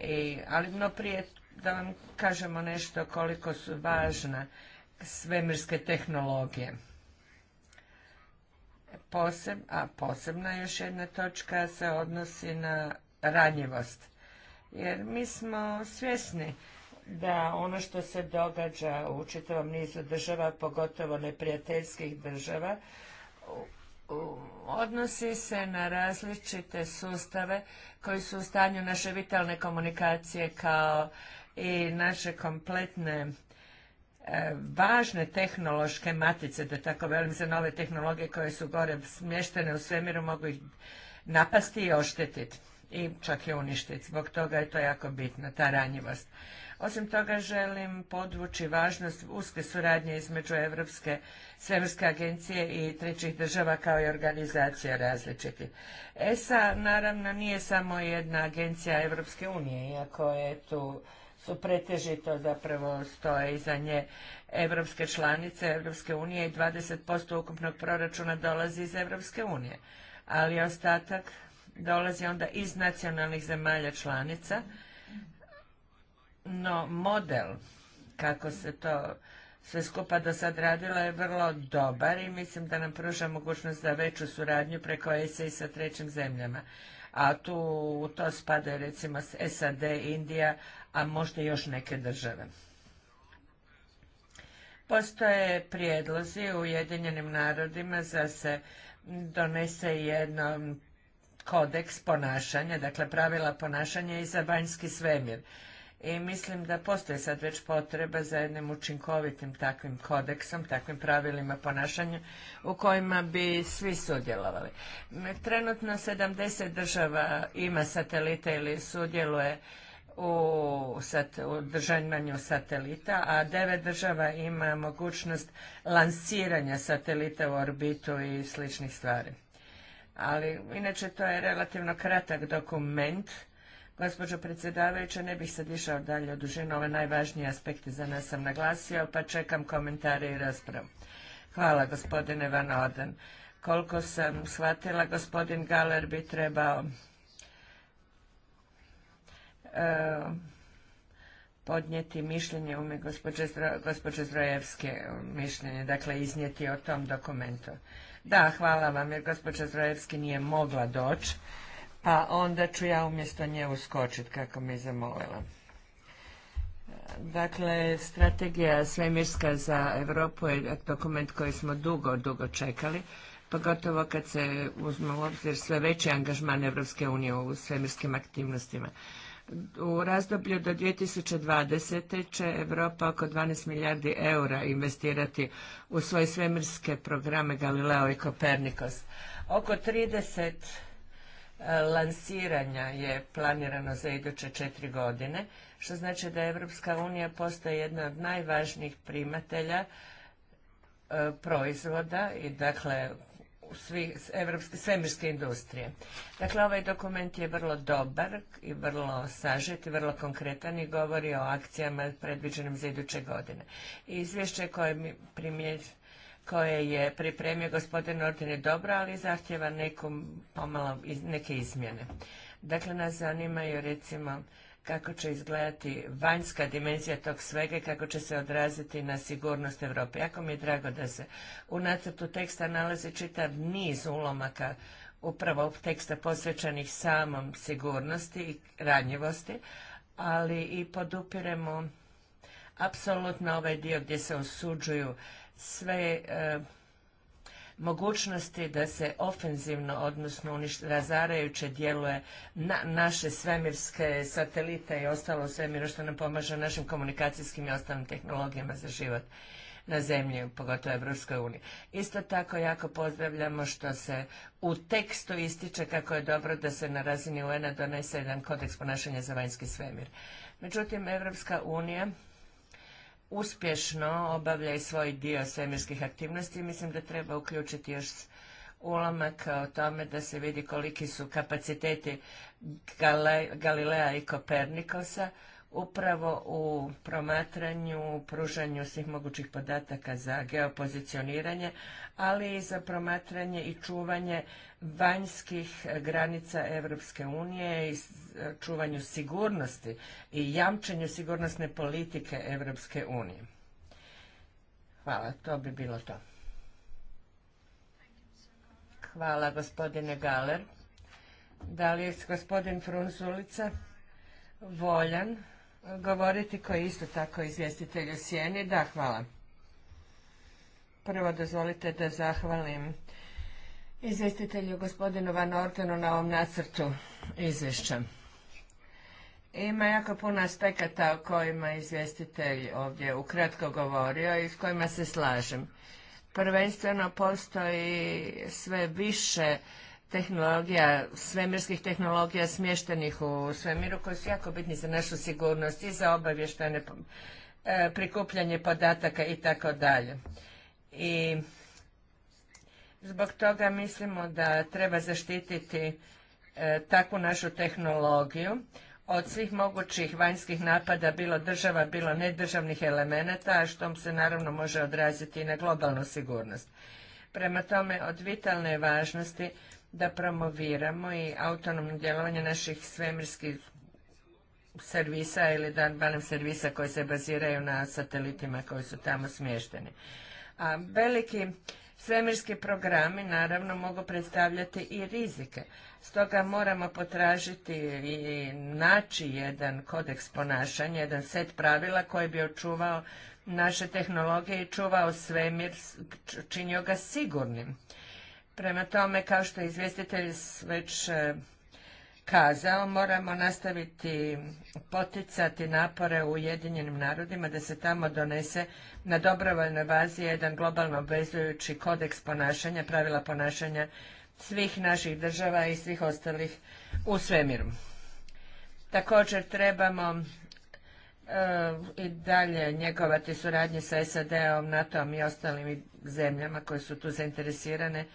I, ali no prije da vam kažemo nešto koliko su važne svemirske tehnologije. Poseb, a posebna još jedna točka se odnosi na ranjivost. Jer mi smo svjesni da ono što se događa u čitavom nizu država, pogotovo neprijateljskih država, odnosi se na različite sustave koji su u stanju naše vitalne komunikacije kao i naše kompletne e, važne tehnološke matice, da tako velim za nove tehnologije koje su gore smještene u svemiru, mogu ih napasti i oštetiti i čak i uništiti. Zbog toga je to jako bitno, ta ranjivost. Osim toga želim podvući važnost uske suradnje između Europske svemirske agencije i trećih država kao i organizacija različitih. ESA naravno nije samo jedna agencija Europske unije, iako je tu su pretežito zapravo stoje iza nje evropske članice Evropske unije i 20% ukupnog proračuna dolazi iz Evropske unije, ali ostatak dolazi onda iz nacionalnih zemalja članica no, model kako se to sve skupa do sad radilo je vrlo dobar i mislim da nam pruža mogućnost za veću suradnju preko ESA i sa trećim zemljama. A tu u to spadaju recimo SAD, Indija, a možda još neke države. Postoje prijedlozi u Ujedinjenim narodima za se donese jedno kodeks ponašanja, dakle pravila ponašanja i za vanjski svemir i mislim da postoji sad već potreba za jednim učinkovitim takvim kodeksom, takvim pravilima ponašanja u kojima bi svi sudjelovali. Trenutno 70 država ima satelite ili sudjeluje u, sat, satelita, a devet država ima mogućnost lansiranja satelita u orbitu i sličnih stvari. Ali inače to je relativno kratak dokument Gospođo predsjedavajuća, ne bih sad išao dalje u dužinu, ove najvažnije aspekte za nas sam naglasio, pa čekam komentare i raspravu. Hvala gospodine Van Oden. Koliko sam shvatila, gospodin Galer bi trebao e, podnijeti mišljenje ume gospođe, gospođe Zdrojevske e, mišljenje, dakle iznijeti o tom dokumentu. Da, hvala vam jer gospođa Zrojevski nije mogla doći pa onda ću ja umjesto nje uskočiti kako mi je zamolila. Dakle, strategija svemirska za Europu je dokument koji smo dugo, dugo čekali, pogotovo kad se uzme u obzir sve veći angažman Evropske unije u svemirskim aktivnostima. U razdoblju do 2020. će Europa oko 12 milijardi eura investirati u svoje svemirske programe Galileo i Kopernikos. Oko 30 lansiranja je planirano za iduće četiri godine, što znači da Evropska unija postaje jedna od najvažnijih primatelja e, proizvoda i dakle svemirske industrije. Dakle, ovaj dokument je vrlo dobar i vrlo sažet i vrlo konkretan i govori o akcijama predviđenim za iduće godine. izvješće koje mi koje je pripremio gospodin Ordin je dobro, ali zahtjeva nekom pomalo neke izmjene. Dakle, nas zanimaju recimo kako će izgledati vanjska dimenzija tog svega i kako će se odraziti na sigurnost Europe. Jako mi je drago da se u nacrtu teksta nalazi čitav niz ulomaka upravo teksta posvećenih samom sigurnosti i ranjivosti, ali i podupiremo apsolutno ovaj dio gdje se osuđuju sve e, mogućnosti da se ofenzivno, odnosno razarajuće djeluje na naše svemirske satelite i ostalo svemir što nam pomaže našim komunikacijskim i ostalim tehnologijama za život na zemlji, pogotovo Evropskoj uniji. Isto tako jako pozdravljamo što se u tekstu ističe kako je dobro da se na razini UN-a donese jedan kodeks ponašanja za vanjski svemir. Međutim, Evropska unija uspješno obavlja i svoj dio svemirskih aktivnosti. Mislim da treba uključiti još ulomak o tome da se vidi koliki su kapaciteti Galilea i Kopernikosa upravo u promatranju, pružanju svih mogućih podataka za geopozicioniranje, ali i za promatranje i čuvanje vanjskih granica Europske unije i čuvanju sigurnosti i jamčenju sigurnosne politike Europske unije. Hvala, to bi bilo to. Hvala gospodine Galer. Da li je gospodin Frunzulica voljan? govoriti, koji isto tako izvjestitelj u sjeni. Da, hvala. Prvo dozvolite da zahvalim izvjestitelju gospodinu Van Ortenu na ovom nacrtu izvješća. Ima jako puno aspekata o kojima je izvjestitelj ovdje ukratko govorio i s kojima se slažem. Prvenstveno postoji sve više tehnologija, svemirskih tehnologija smještenih u svemiru koji su jako bitni za našu sigurnost i za obavještene e, prikupljanje podataka i tako dalje. I zbog toga mislimo da treba zaštititi e, takvu našu tehnologiju od svih mogućih vanjskih napada, bilo država, bilo nedržavnih elemenata, a što se naravno može odraziti i na globalnu sigurnost. Prema tome, od vitalne važnosti da promoviramo i autonomno djelovanje naših svemirskih servisa ili barem servisa koji se baziraju na satelitima koji su tamo smješteni. A veliki svemirski programi naravno mogu predstavljati i rizike. Stoga moramo potražiti i naći jedan kodeks ponašanja, jedan set pravila koji bi očuvao naše tehnologije i čuvao svemir, činio ga sigurnim. Prema tome, kao što je izvjestitelj već e, kazao, moramo nastaviti poticati napore u Ujedinjenim narodima da se tamo donese na dobrovoljnoj bazi jedan globalno obvezujući kodeks ponašanja, pravila ponašanja svih naših država i svih ostalih u svemiru. Također trebamo e, i dalje njegovati suradnje sa SAD-om, NATO-om i ostalim zemljama koje su tu zainteresirane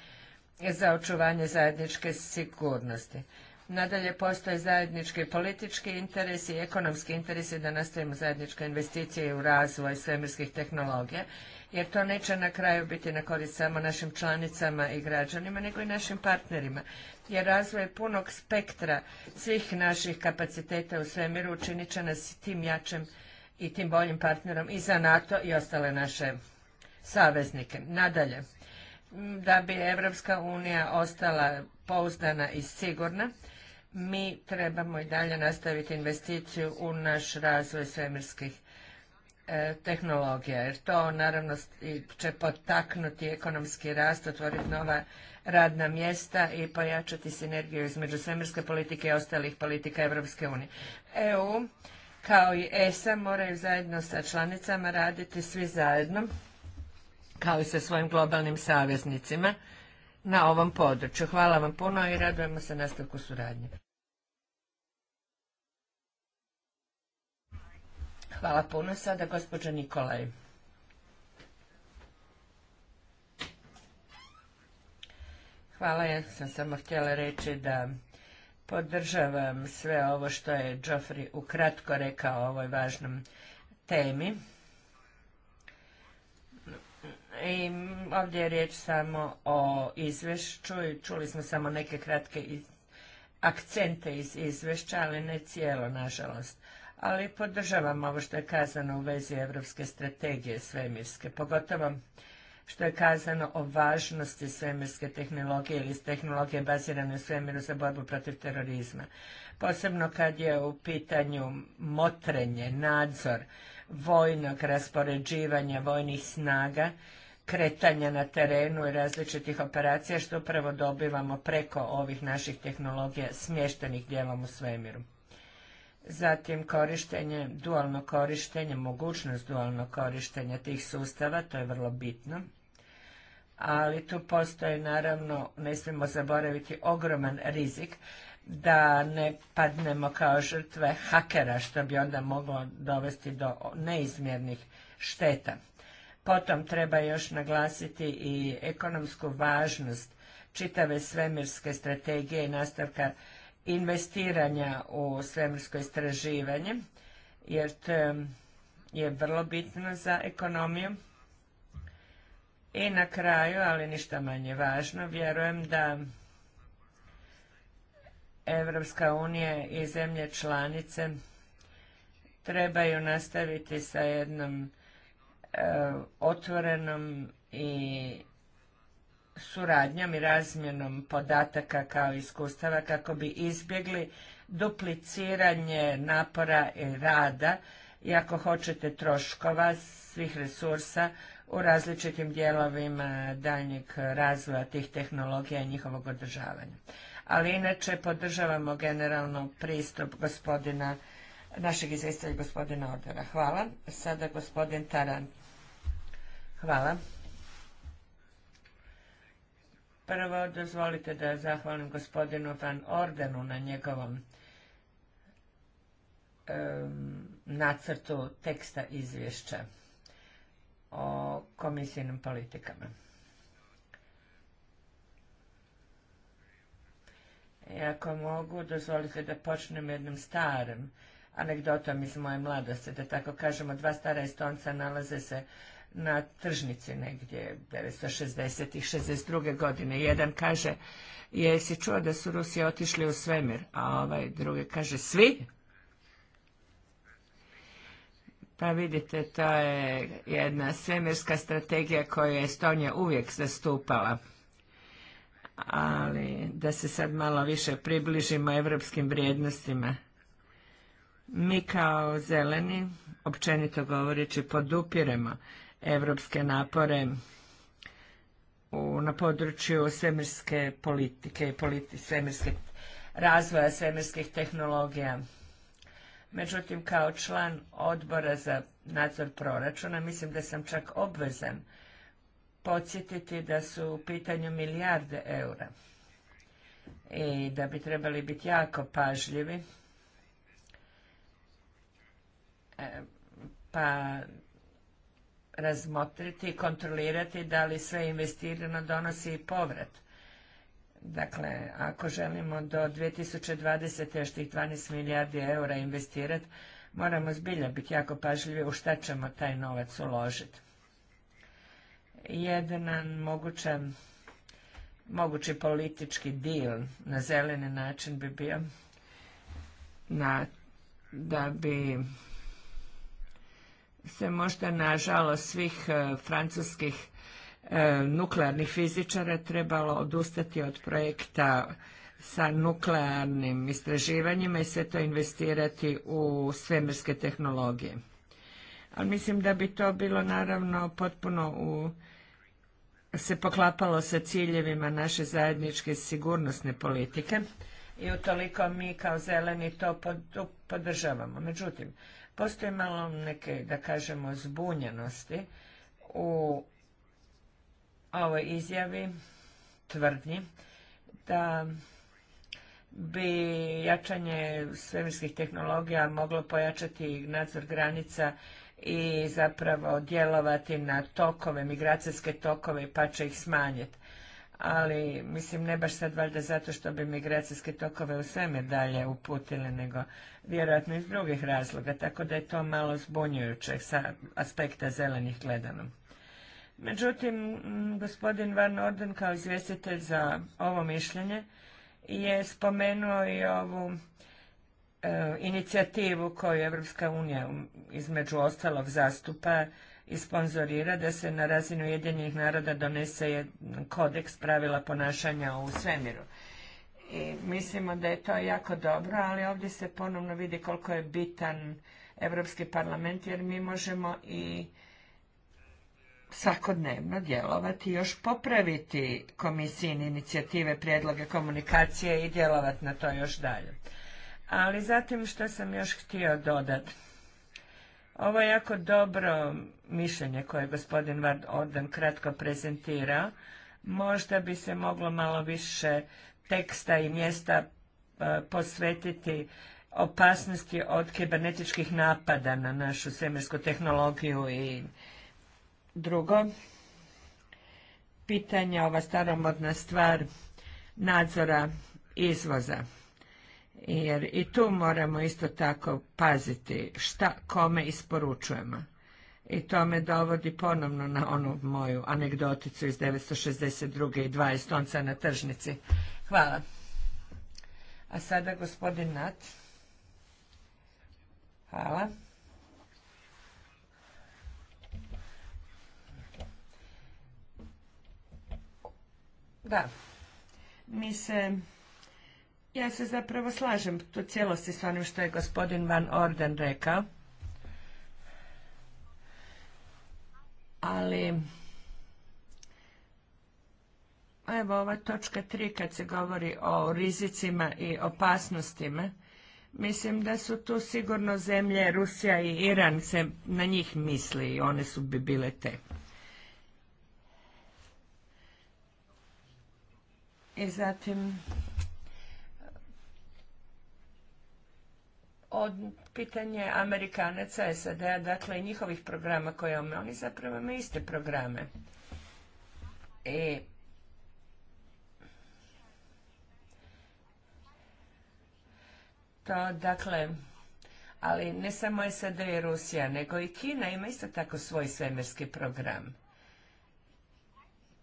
za očuvanje zajedničke sigurnosti. Nadalje postoje zajednički politički interesi i ekonomski interesi da nastavimo zajedničke investicije u razvoj svemirskih tehnologija, jer to neće na kraju biti na korist samo našim članicama i građanima, nego i našim partnerima, jer razvoj punog spektra svih naših kapaciteta u svemiru učinit će nas tim jačem i tim boljim partnerom i za NATO i ostale naše saveznike. Nadalje, da bi Evropska unija ostala pouzdana i sigurna, mi trebamo i dalje nastaviti investiciju u naš razvoj svemirskih e, tehnologija, jer to naravno će potaknuti ekonomski rast, otvoriti nova radna mjesta i pojačati sinergiju između svemirske politike i ostalih politika Evropske unije. EU kao i ESA moraju zajedno sa članicama raditi svi zajedno kao i sa svojim globalnim saveznicima na ovom području. Hvala vam puno i radujemo se nastavku suradnje. Hvala puno. Sada gospođa Nikolaj. Hvala, ja sam samo htjela reći da podržavam sve ovo što je Geoffrey ukratko rekao o ovoj važnom temi i ovdje je riječ samo o izvješću i čuli smo samo neke kratke akcente iz izvješća, ali ne cijelo, nažalost. Ali podržavam ovo što je kazano u vezi Evropske strategije svemirske, pogotovo što je kazano o važnosti svemirske tehnologije ili tehnologije bazirane u svemiru za borbu protiv terorizma. Posebno kad je u pitanju motrenje, nadzor vojnog raspoređivanja vojnih snaga kretanja na terenu i različitih operacija što upravo dobivamo preko ovih naših tehnologija smještenih dijelom u svemiru. Zatim korištenje, dualno korištenje, mogućnost dualnog korištenja tih sustava, to je vrlo bitno. Ali tu postoji naravno, ne smijemo zaboraviti, ogroman rizik da ne padnemo kao žrtve hakera što bi onda moglo dovesti do neizmjernih šteta. Potom treba još naglasiti i ekonomsku važnost čitave svemirske strategije i nastavka investiranja u svemirsko istraživanje, jer to je vrlo bitno za ekonomiju. I na kraju, ali ništa manje važno, vjerujem da Evropska unija i zemlje članice trebaju nastaviti sa jednom E, otvorenom i suradnjom i razmjenom podataka kao iskustava kako bi izbjegli dupliciranje napora i rada i ako hoćete troškova svih resursa u različitim dijelovima daljnjeg razvoja tih tehnologija i njihovog održavanja. Ali inače podržavamo generalno pristup gospodina, našeg izvjestitelja gospodina Ordera. Hvala. Sada gospodin Tarant. Hvala. Prvo dozvolite da zahvalim gospodinu Van Ordenu na njegovom nacrtu teksta izvješća o komisijnim politikama. I ako mogu, dozvolite da počnem jednom starom anegdotom iz moje mladosti, da tako kažemo, dva stara estonca nalaze se na tržnici negdje 1960. i 1962. godine. Jedan kaže, jesi čuo da su Rusije otišli u svemir, a ovaj drugi kaže, svi? Pa vidite, to je jedna svemirska strategija koju je Estonija uvijek zastupala. Ali da se sad malo više približimo evropskim vrijednostima. Mi kao zeleni, općenito govoreći, podupiremo europske napore na području svemirske politike i razvoja svemirskih tehnologija. Međutim, kao član odbora za nadzor proračuna, mislim da sam čak obvezan podsjetiti da su u pitanju milijarde eura i da bi trebali biti jako pažljivi. E, pa razmotriti i kontrolirati da li sve investirano donosi i povrat. Dakle, ako želimo do 2020. još tih 12 milijardi eura investirati, moramo zbilja biti jako pažljivi u šta ćemo taj novac uložiti. Jedan moguća, mogući politički deal na zeleni način bi bio na, da bi se možda nažalost svih e, francuskih e, nuklearnih fizičara trebalo odustati od projekta sa nuklearnim istraživanjima i sve to investirati u svemirske tehnologije. Ali mislim da bi to bilo naravno potpuno u, se poklapalo sa ciljevima naše zajedničke sigurnosne politike i utoliko mi kao zeleni to podržavamo. Međutim, Postoje malo neke, da kažemo, zbunjenosti u ovoj izjavi, tvrdnji, da bi jačanje svemirskih tehnologija moglo pojačati nadzor granica i zapravo djelovati na tokove, migracijske tokove, pa će ih smanjiti ali mislim ne baš sad valjda zato što bi migracijske tokove u svemir dalje uputili, nego vjerojatno iz drugih razloga, tako da je to malo zbunjujuće sa aspekta zelenih gledano. Međutim, gospodin Van Orden kao izvjestitelj za ovo mišljenje je spomenuo i ovu e, inicijativu koju Evropska unija između ostalog zastupa i sponzorira da se na razinu Ujedinjenih naroda donese kodeks pravila ponašanja u svemiru. I mislimo da je to jako dobro, ali ovdje se ponovno vidi koliko je bitan Europski parlament jer mi možemo i svakodnevno djelovati, još popraviti komisijine inicijative, prijedloge komunikacije i djelovati na to još dalje. Ali zatim što sam još htio dodati. Ovo je jako dobro mišljenje koje je gospodin Vard Orden kratko prezentirao, možda bi se moglo malo više teksta i mjesta e, posvetiti opasnosti od kibernetičkih napada na našu svemirsku tehnologiju i drugo. Pitanje, ova staromodna stvar nadzora izvoza. Jer i tu moramo isto tako paziti šta kome isporučujemo i to me dovodi ponovno na onu moju anegdoticu iz 962. i dva estonca na tržnici. Hvala. A sada gospodin Nat. Hvala. Da, mi se, ja se zapravo slažem tu cijelosti s onim što je gospodin Van Orden rekao ali evo ova točka 3 kad se govori o rizicima i opasnostima, mislim da su tu sigurno zemlje Rusija i Iran se na njih misli i one su bi bile te. I zatim od pitanje Amerikanaca, SAD-a, dakle i njihovih programa koje ome, Oni zapravo imaju iste programe. E, to, dakle, ali ne samo SAD i Rusija, nego i Kina ima isto tako svoj svemirski program.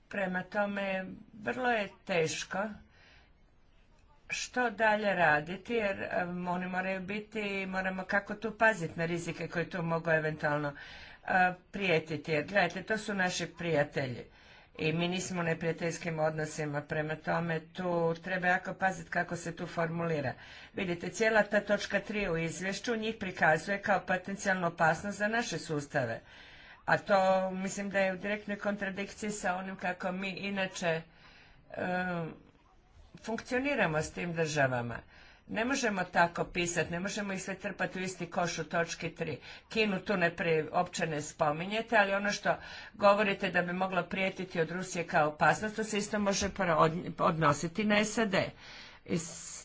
Prema tome, vrlo je teško što dalje raditi jer oni moraju biti i moramo kako tu paziti na rizike koji tu mogu eventualno eh, prijetiti. Jer gledajte, to su naši prijatelji i mi nismo u neprijateljskim odnosima, prema tome tu treba jako paziti kako se tu formulira. Vidite, cijela ta točka 3 u izvješću njih prikazuje kao potencijalnu opasnost za naše sustave. A to mislim da je u direktnoj kontradikciji sa onim kako mi inače funkcioniramo s tim državama. Ne možemo tako pisati, ne možemo ih sve trpati u isti koš u točki tri Kinu tu ne prije, opće ne spominjete, ali ono što govorite da bi moglo prijetiti od Rusije kao opasnost, to se isto može odnositi na SAD. I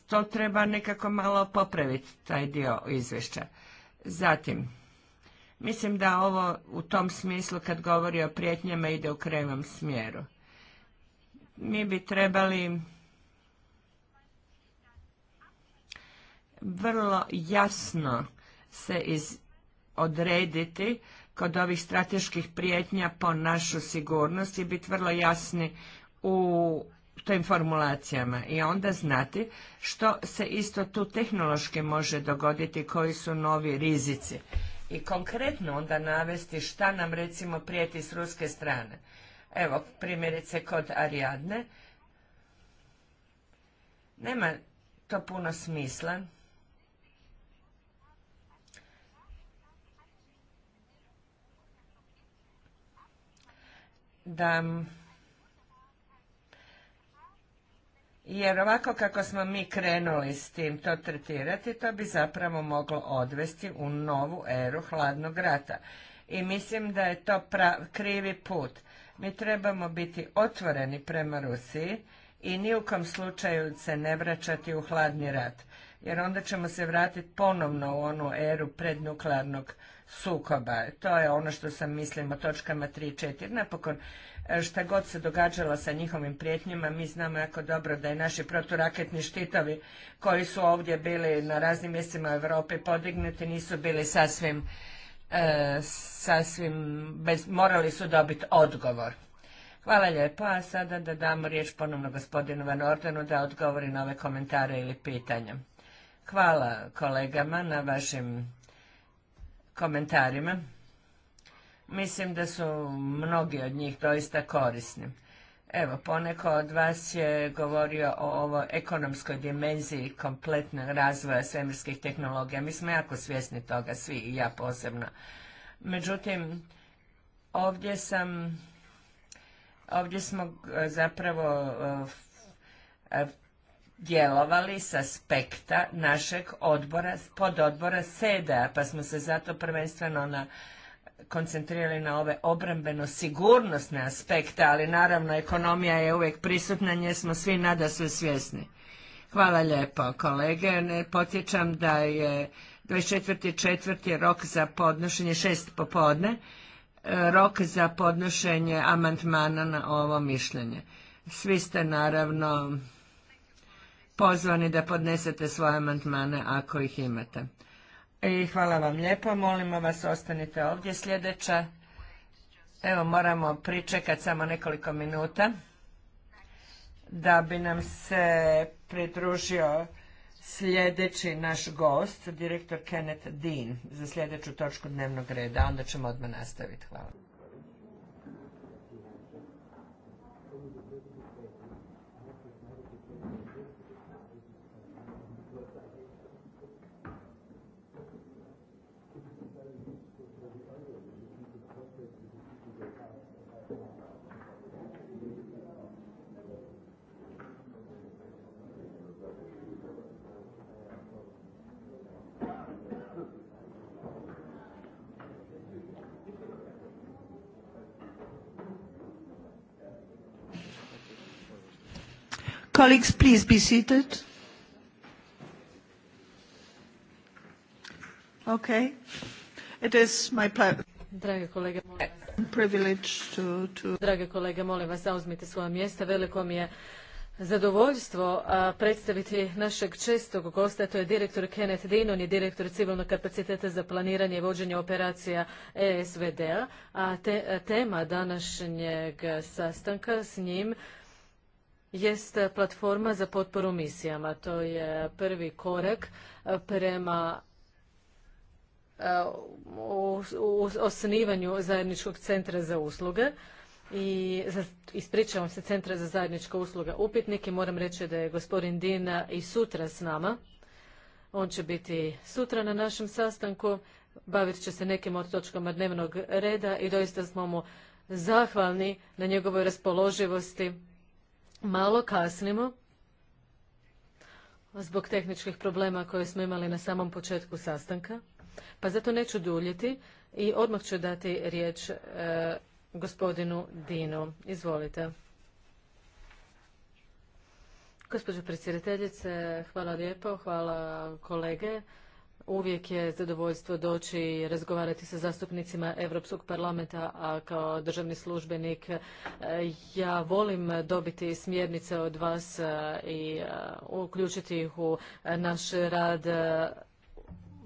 to treba nekako malo popraviti, taj dio izvješća. Zatim, mislim da ovo u tom smislu kad govori o prijetnjama ide u krevom smjeru. Mi bi trebali vrlo jasno se odrediti kod ovih strateških prijetnja po našu sigurnost i biti vrlo jasni u tim formulacijama i onda znati što se isto tu tehnološki može dogoditi, koji su novi rizici. I konkretno onda navesti šta nam recimo prijeti s ruske strane. Evo, primjerice kod Ariadne. Nema to puno smisla da jer ovako kako smo mi krenuli s tim to tretirati, to bi zapravo moglo odvesti u novu eru hladnog rata. I mislim da je to prav, krivi put. Mi trebamo biti otvoreni prema Rusiji i ni u kom slučaju se ne vraćati u hladni rat. Jer onda ćemo se vratiti ponovno u onu eru prednuklearnog rata sukoba. To je ono što sam mislim o točkama 3 i 4. Napokon, e, šta god se događalo sa njihovim prijetnjima, mi znamo jako dobro da i naši proturaketni štitovi koji su ovdje bili na raznim mjestima u Europi podignuti nisu bili sasvim, e, sasvim bez, morali su dobiti odgovor. Hvala lijepo, a sada da damo riječ ponovno gospodinu Van Ordenu da odgovori na ove komentare ili pitanja. Hvala kolegama na vašim komentarima. Mislim da su mnogi od njih doista korisni. Evo, poneko od vas je govorio o ovoj ekonomskoj dimenziji kompletnog razvoja svemirskih tehnologija. Mi smo jako svjesni toga, svi i ja posebno. Međutim, ovdje sam, ovdje smo e, zapravo e, djelovali sa aspekta našeg odbora, pododbora SEDA, pa smo se zato prvenstveno na koncentrirali na ove obrambeno-sigurnosne aspekte, ali naravno ekonomija je uvijek prisutna, nje smo svi nada su svjesni. Hvala lijepo kolege, ne potječam da je 24.4. rok za podnošenje, 6 popodne, e, rok za podnošenje amantmana na ovo mišljenje. Svi ste naravno pozvani da podnesete svoje amandmane ako ih imate. I hvala vam lijepo, molimo vas ostanite ovdje sljedeća. Evo moramo pričekati samo nekoliko minuta da bi nam se pridružio sljedeći naš gost, direktor Kenneth Dean, za sljedeću točku dnevnog reda. Onda ćemo odmah nastaviti. Hvala. Colleagues, please be seated. Okay. Drage kolege, to, to... Drage kolege, molim vas, zauzmite svoja mjesta. Veliko mi je zadovoljstvo predstaviti našeg čestog gosta, to je direktor Kenneth Dean, on je direktor civilnog kapaciteta za planiranje i vođenje operacija ESVD-a, tema današnjeg sastanka s njim jest platforma za potporu misijama. To je prvi korak eh, prema eh, osnivanju zajedničkog centra za usluge i ispričavam se centra za zajednička usluga upitnik i moram reći da je gospodin Dina i sutra s nama. On će biti sutra na našem sastanku, bavit će se nekim od točkama dnevnog reda i doista smo mu zahvalni na njegovoj raspoloživosti Malo kasnimo zbog tehničkih problema koje smo imali na samom početku sastanka, pa zato neću duljiti i odmah ću dati riječ e, gospodinu Dinu. Izvolite. Gospođo predsjedateljice, hvala lijepo, hvala kolege. Uvijek je zadovoljstvo doći i razgovarati sa zastupnicima Europskog parlamenta, a kao državni službenik e, ja volim dobiti smjernice od vas e, i e, uključiti ih u naš rad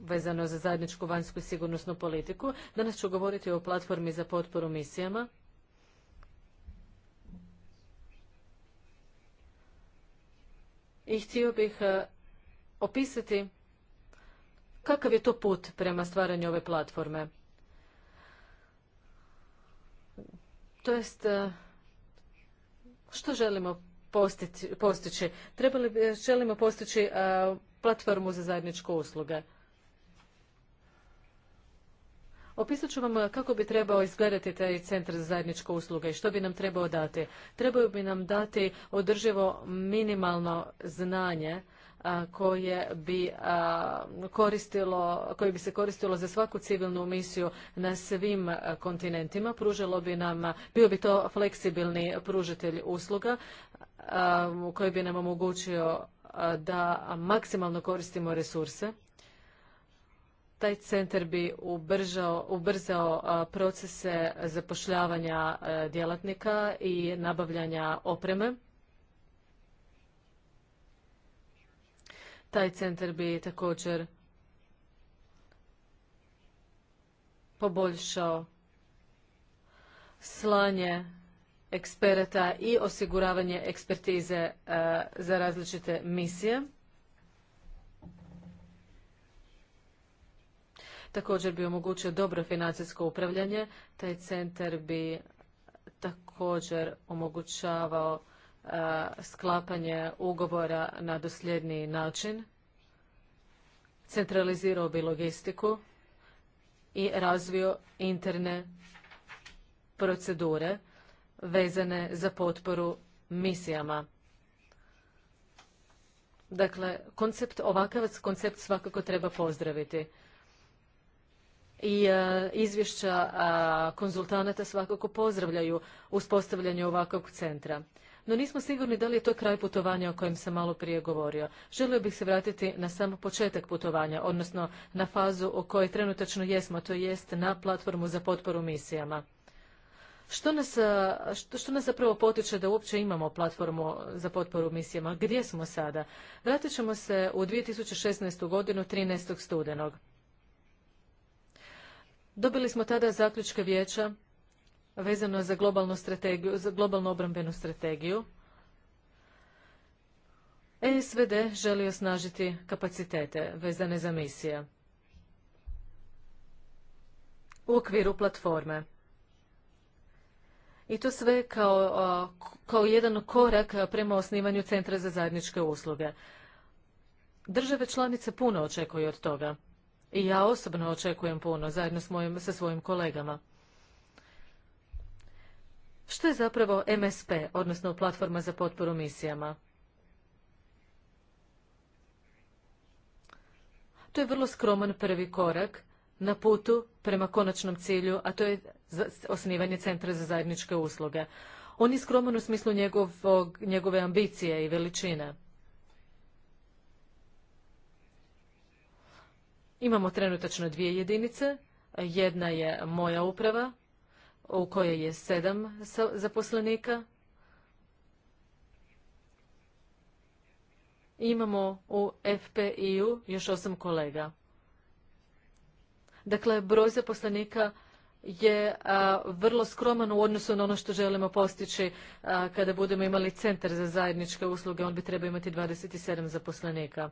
vezano za zajedničku vanjsku i sigurnosnu politiku. Danas ću govoriti o platformi za potporu misijama. I htio bih opisati Kakav je to put prema stvaranju ove platforme? To jest, e, što želimo postići? postići? Trebali, želimo postići e, platformu za zajedničke usluge. Opisat ću vam kako bi trebao izgledati taj centar za zajedničke usluge i što bi nam trebao dati. Trebao bi nam dati održivo minimalno znanje koje bi koristilo, koje bi se koristilo za svaku civilnu misiju na svim kontinentima. Pružilo bi nam, bio bi to fleksibilni pružitelj usluga koji bi nam omogućio da maksimalno koristimo resurse. Taj centar bi ubržao, ubrzao procese zapošljavanja djelatnika i nabavljanja opreme. Taj centar bi također poboljšao slanje eksperata i osiguravanje ekspertize e, za različite misije. Također bi omogućio dobro financijsko upravljanje. Taj centar bi također omogućavao sklapanje ugovora na dosljedniji način, centralizirao bi logistiku i razvio interne procedure vezane za potporu misijama. Dakle, koncept, ovakav koncept svakako treba pozdraviti. I e, izvješća konzultanata svakako pozdravljaju uspostavljanje ovakvog centra no nismo sigurni da li je to kraj putovanja o kojem sam malo prije govorio. Želio bih se vratiti na sam početak putovanja, odnosno na fazu o kojoj trenutačno jesmo, to jest na platformu za potporu misijama. Što nas, što, nas zapravo potiče da uopće imamo platformu za potporu misijama? Gdje smo sada? Vratit ćemo se u 2016. godinu 13. studenog. Dobili smo tada zaključke vijeća vezano za globalnu strategiju, za globalnu obrambenu strategiju. E SVD želi osnažiti kapacitete vezane za misije u okviru platforme. I to sve kao, kao jedan korak prema osnivanju Centra za zajedničke usluge. Države članice puno očekuju od toga. I ja osobno očekujem puno, zajedno s mojim, sa svojim kolegama. Što je zapravo MSP, odnosno platforma za potporu misijama? To je vrlo skroman prvi korak na putu prema konačnom cilju, a to je osnivanje Centra za zajedničke usluge. On je skroman u smislu njegovog, njegove ambicije i veličine. Imamo trenutačno dvije jedinice. Jedna je moja uprava, u kojoj je sedam zaposlenika. Imamo u FPI-u još osam kolega. Dakle, broj zaposlenika je vrlo skroman u odnosu na ono što želimo postići kada budemo imali centar za zajedničke usluge. On bi trebao imati 27 zaposlenika.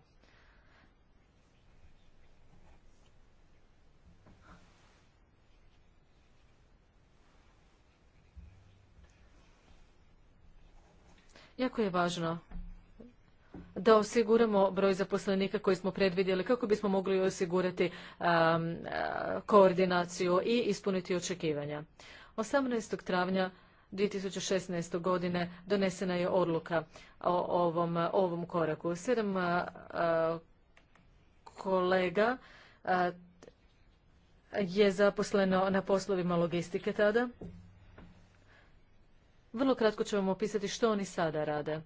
Jako je važno da osiguramo broj zaposlenika koji smo predvidjeli kako bismo mogli osigurati um, uh, koordinaciju i ispuniti očekivanja. 18. travnja 2016. godine donesena je odluka o ovom, ovom koraku. Sedam uh, uh, kolega je zaposleno na poslovima logistike tada vrlo kratko ću vam opisati što oni sada rade.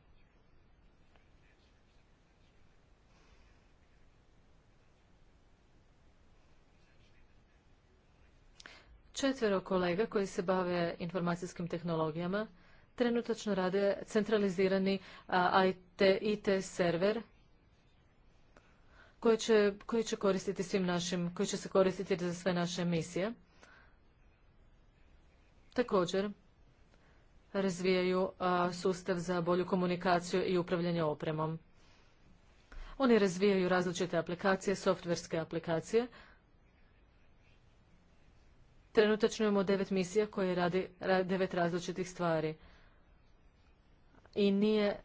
Četvero kolega koji se bave informacijskim tehnologijama trenutačno rade centralizirani IT, server koji će, koji će koristiti svim našim, koji će se koristiti za sve naše misije. Također, razvijaju sustav za bolju komunikaciju i upravljanje opremom. Oni razvijaju različite aplikacije, softverske aplikacije. Trenutačno imamo devet misija koje radi devet različitih stvari. I nije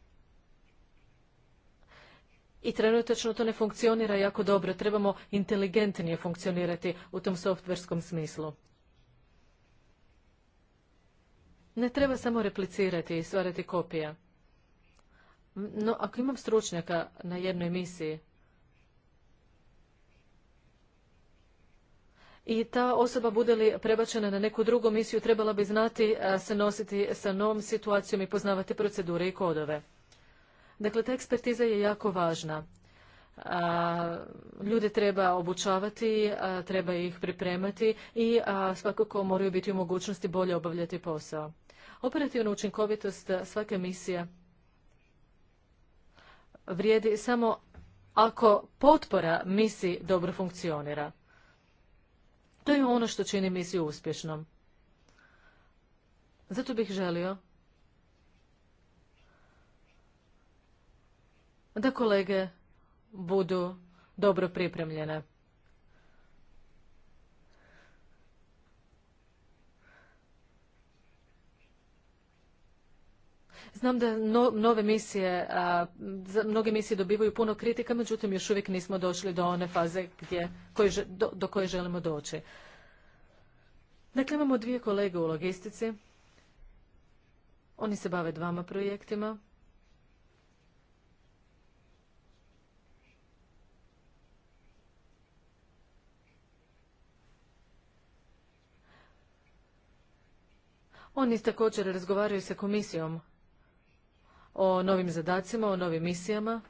i trenutačno to ne funkcionira jako dobro. Trebamo inteligentnije funkcionirati u tom softverskom smislu. Ne treba samo replicirati i stvarati kopija. No, ako imam stručnjaka na jednoj misiji i ta osoba bude li prebačena na neku drugu misiju, trebala bi znati se nositi sa novom situacijom i poznavati procedure i kodove. Dakle, ta ekspertiza je jako važna ljude treba obučavati, treba ih pripremati i svakako moraju biti u mogućnosti bolje obavljati posao. Operativna učinkovitost svake misije vrijedi samo ako potpora misiji dobro funkcionira. To je ono što čini misiju uspješnom. Zato bih želio da kolege budu dobro pripremljene. Znam da nove misije, a, mnoge misije dobivaju puno kritika, međutim još uvijek nismo došli do one faze gdje, do, do koje želimo doći. Dakle, imamo dvije kolege u logistici. Oni se bave dvama projektima. Oni također razgovaraju sa komisijom o novim zadacima, o novim misijama.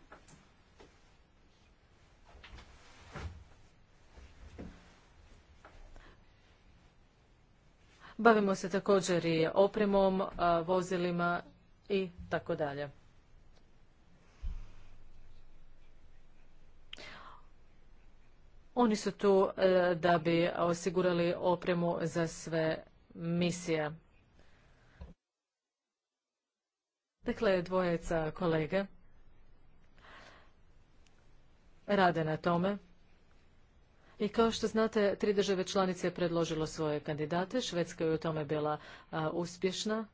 Bavimo se također i opremom, vozilima i tako dalje. Oni su tu e, da bi osigurali opremu za sve misije. Dakle, dvojeca kolege rade na tome. I kao što znate, tri države članice je predložilo svoje kandidate. Švedska je u tome bila uspješna.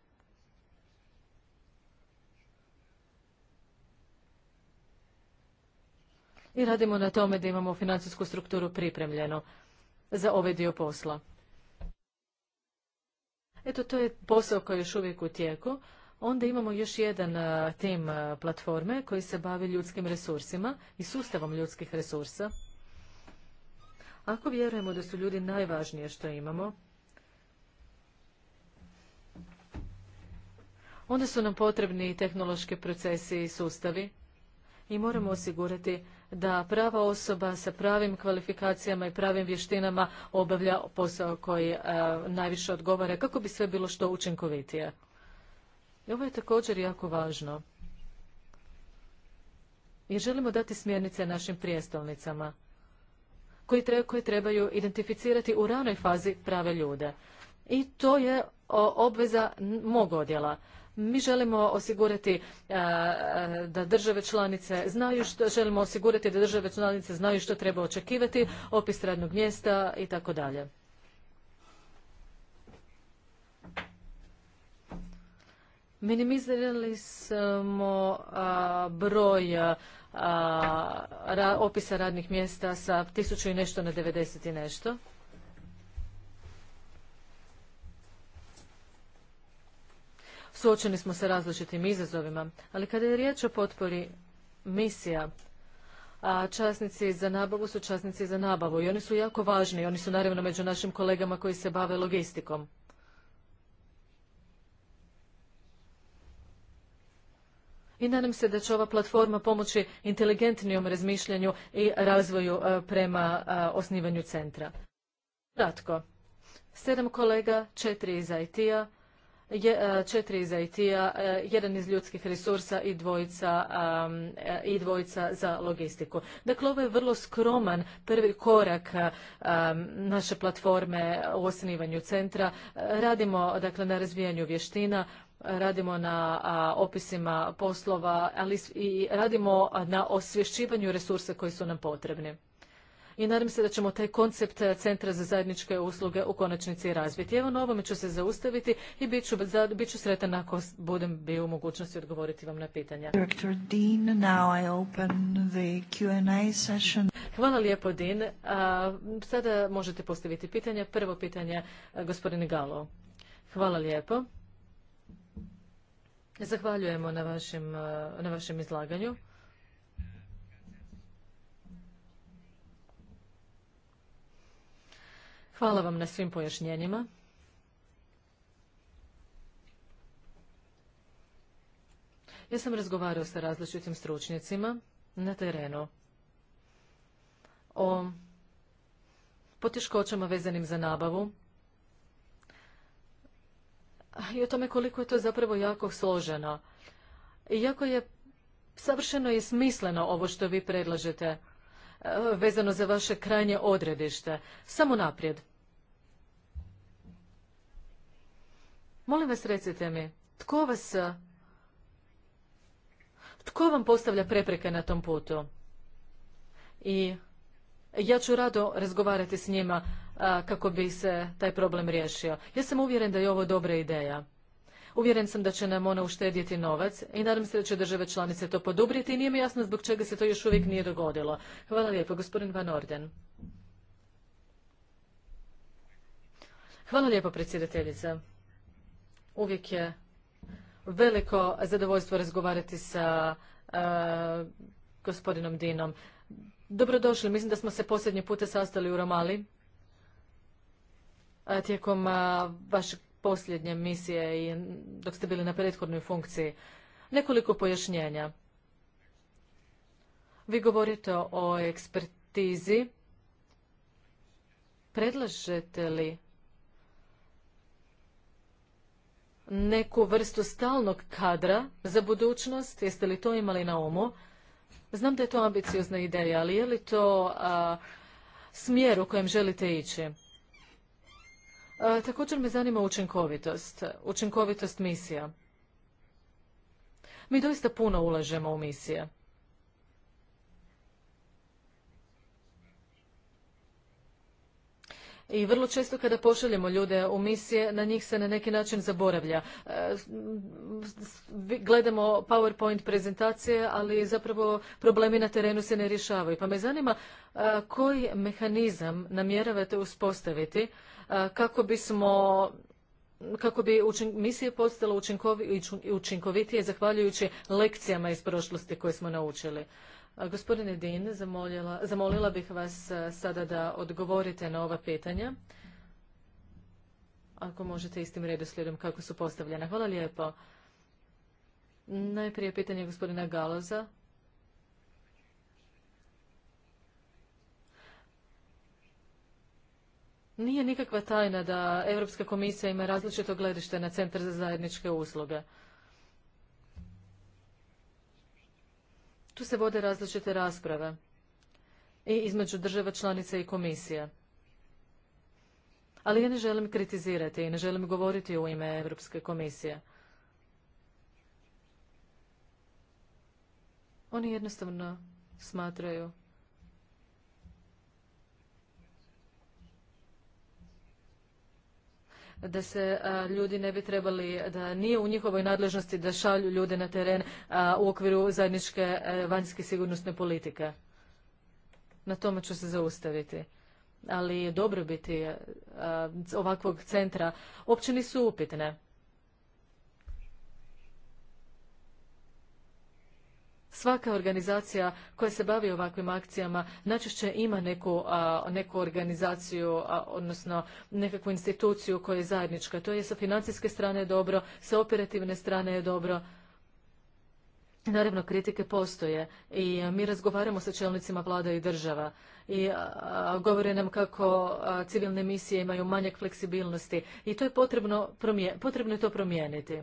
I radimo na tome da imamo financijsku strukturu pripremljeno za ovaj dio posla. Eto, to je posao koji je još uvijek u tijeku. Onda imamo još jedan e, tim e, platforme koji se bavi ljudskim resursima i sustavom ljudskih resursa. Ako vjerujemo da su ljudi najvažnije što imamo, onda su nam potrebni tehnološki procesi i sustavi i moramo osigurati da prava osoba sa pravim kvalifikacijama i pravim vještinama obavlja posao koji e, najviše odgovara kako bi sve bilo što učinkovitije. I ovo je također jako važno. i želimo dati smjernice našim prijestolnicama koji, trebaju identificirati u ranoj fazi prave ljude. I to je obveza mog odjela. Mi želimo osigurati e, e, da države članice znaju što želimo osigurati da države članice znaju što treba očekivati, opis radnog mjesta i tako dalje. Minimizirali smo broj opisa radnih mjesta sa tisuću i nešto na 90 i nešto. Suočeni smo sa različitim izazovima, ali kada je riječ o potpori misija, a časnici za nabavu su časnici za nabavu i oni su jako važni. Oni su naravno među našim kolegama koji se bave logistikom. i nadam se da će ova platforma pomoći inteligentnijom razmišljanju i razvoju e, prema e, osnivanju centra. Kratko, sedam kolega, četiri iz IT-a, e, četiri iz IT-a, jedan iz ljudskih resursa i dvojica, i dvojica za logistiku. Dakle, ovo je vrlo skroman prvi korak naše platforme u osnivanju centra. Radimo dakle, na razvijanju vještina, radimo na opisima poslova, ali i radimo na osvješćivanju resursa koji su nam potrebni. I nadam se da ćemo taj koncept Centra za zajedničke usluge u konačnici razviti. Evo na ovome ću se zaustaviti i bit ću, bit sretan ako budem bio u mogućnosti odgovoriti vam na pitanja. Hvala lijepo, Din. Sada možete postaviti pitanja. Prvo pitanje, gospodine Galo. Hvala lijepo. Zahvaljujemo na vašem, izlaganju. Hvala vam na svim pojašnjenjima. Ja sam razgovarao sa različitim stručnjacima na terenu o poteškoćama vezanim za nabavu i o tome koliko je to zapravo jako složeno. Iako je savršeno i smisleno ovo što vi predlažete e, vezano za vaše krajnje odredište. Samo naprijed. Molim vas recite mi, tko vas... Tko vam postavlja prepreke na tom putu? I ja ću rado razgovarati s njima kako bi se taj problem riješio. Ja sam uvjeren da je ovo dobra ideja. Uvjeren sam da će nam ona uštedjeti novac i nadam se da će države članice to podubriti i nije mi jasno zbog čega se to još uvijek nije dogodilo. Hvala lijepo, gospodin Van Orden. Hvala lijepo, predsjedateljica. Uvijek je veliko zadovoljstvo razgovarati sa gospodinom Dinom. Dobrodošli, mislim da smo se posljednji puta sastali u Romali tijekom vaše posljednje misije i dok ste bili na prethodnoj funkciji. Nekoliko pojašnjenja. Vi govorite o ekspertizi. Predlažete li neku vrstu stalnog kadra za budućnost? Jeste li to imali na umu? Znam da je to ambiciozna ideja, ali je li to smjer u kojem želite ići? E, također me zanima učinkovitost, učinkovitost misija. Mi doista puno ulažemo u misije. I vrlo često kada pošaljemo ljude u misije, na njih se na neki način zaboravlja. E, gledamo PowerPoint prezentacije, ali zapravo problemi na terenu se ne rješavaju. Pa me zanima e, koji mehanizam namjeravate uspostaviti E, kako bismo kako bi misije postale učinkovitije zahvaljujući lekcijama iz prošlosti koje smo naučili. E, gospodine Din, zamolila, zamolila bih vas e, sada da odgovorite na ova pitanja. Ako možete istim redoslijedom kako su postavljena. Hvala lijepo. Najprije pitanje gospodina Galoza. Nije nikakva tajna da Europska komisija ima različito gledište na Centar za zajedničke usluge. Tu se vode različite rasprave i između država članica i komisija. Ali ja ne želim kritizirati i ne želim govoriti u ime Europske komisije. Oni jednostavno smatraju da se ljudi ne bi trebali, da nije u njihovoj nadležnosti da šalju ljude na teren u okviru zajedničke e, vanjske sigurnosne politike. Na tome ću se zaustaviti. Ali dobrobiti ovakvog centra uopće nisu upitne. Svaka organizacija koja se bavi ovakvim akcijama najčešće ima neku, neku organizaciju, odnosno nekakvu instituciju koja je zajednička. To je sa financijske strane dobro, sa operativne strane je dobro. Naravno, kritike postoje i mi razgovaramo sa čelnicima vlada i država i govore nam kako civilne misije imaju manjak fleksibilnosti i to je potrebno, potrebno je to promijeniti.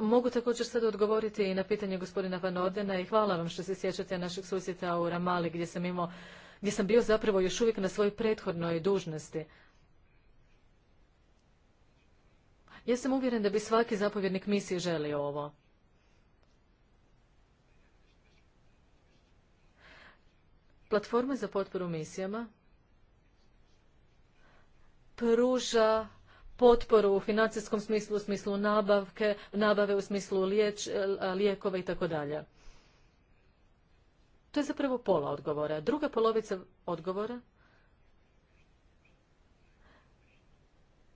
Mogu također sad odgovoriti i na pitanje gospodina Van Ordena i hvala vam što se sjećate našeg susjeta u Ramali gdje sam imao, gdje sam bio zapravo još uvijek na svojoj prethodnoj dužnosti. Ja sam uvjeren da bi svaki zapovjednik misije želio ovo. Platforma za potporu misijama pruža potporu u financijskom smislu, u smislu nabavke, nabave u smislu e, lijekova i tako dalje. To je zapravo pola odgovora. Druga polovica odgovora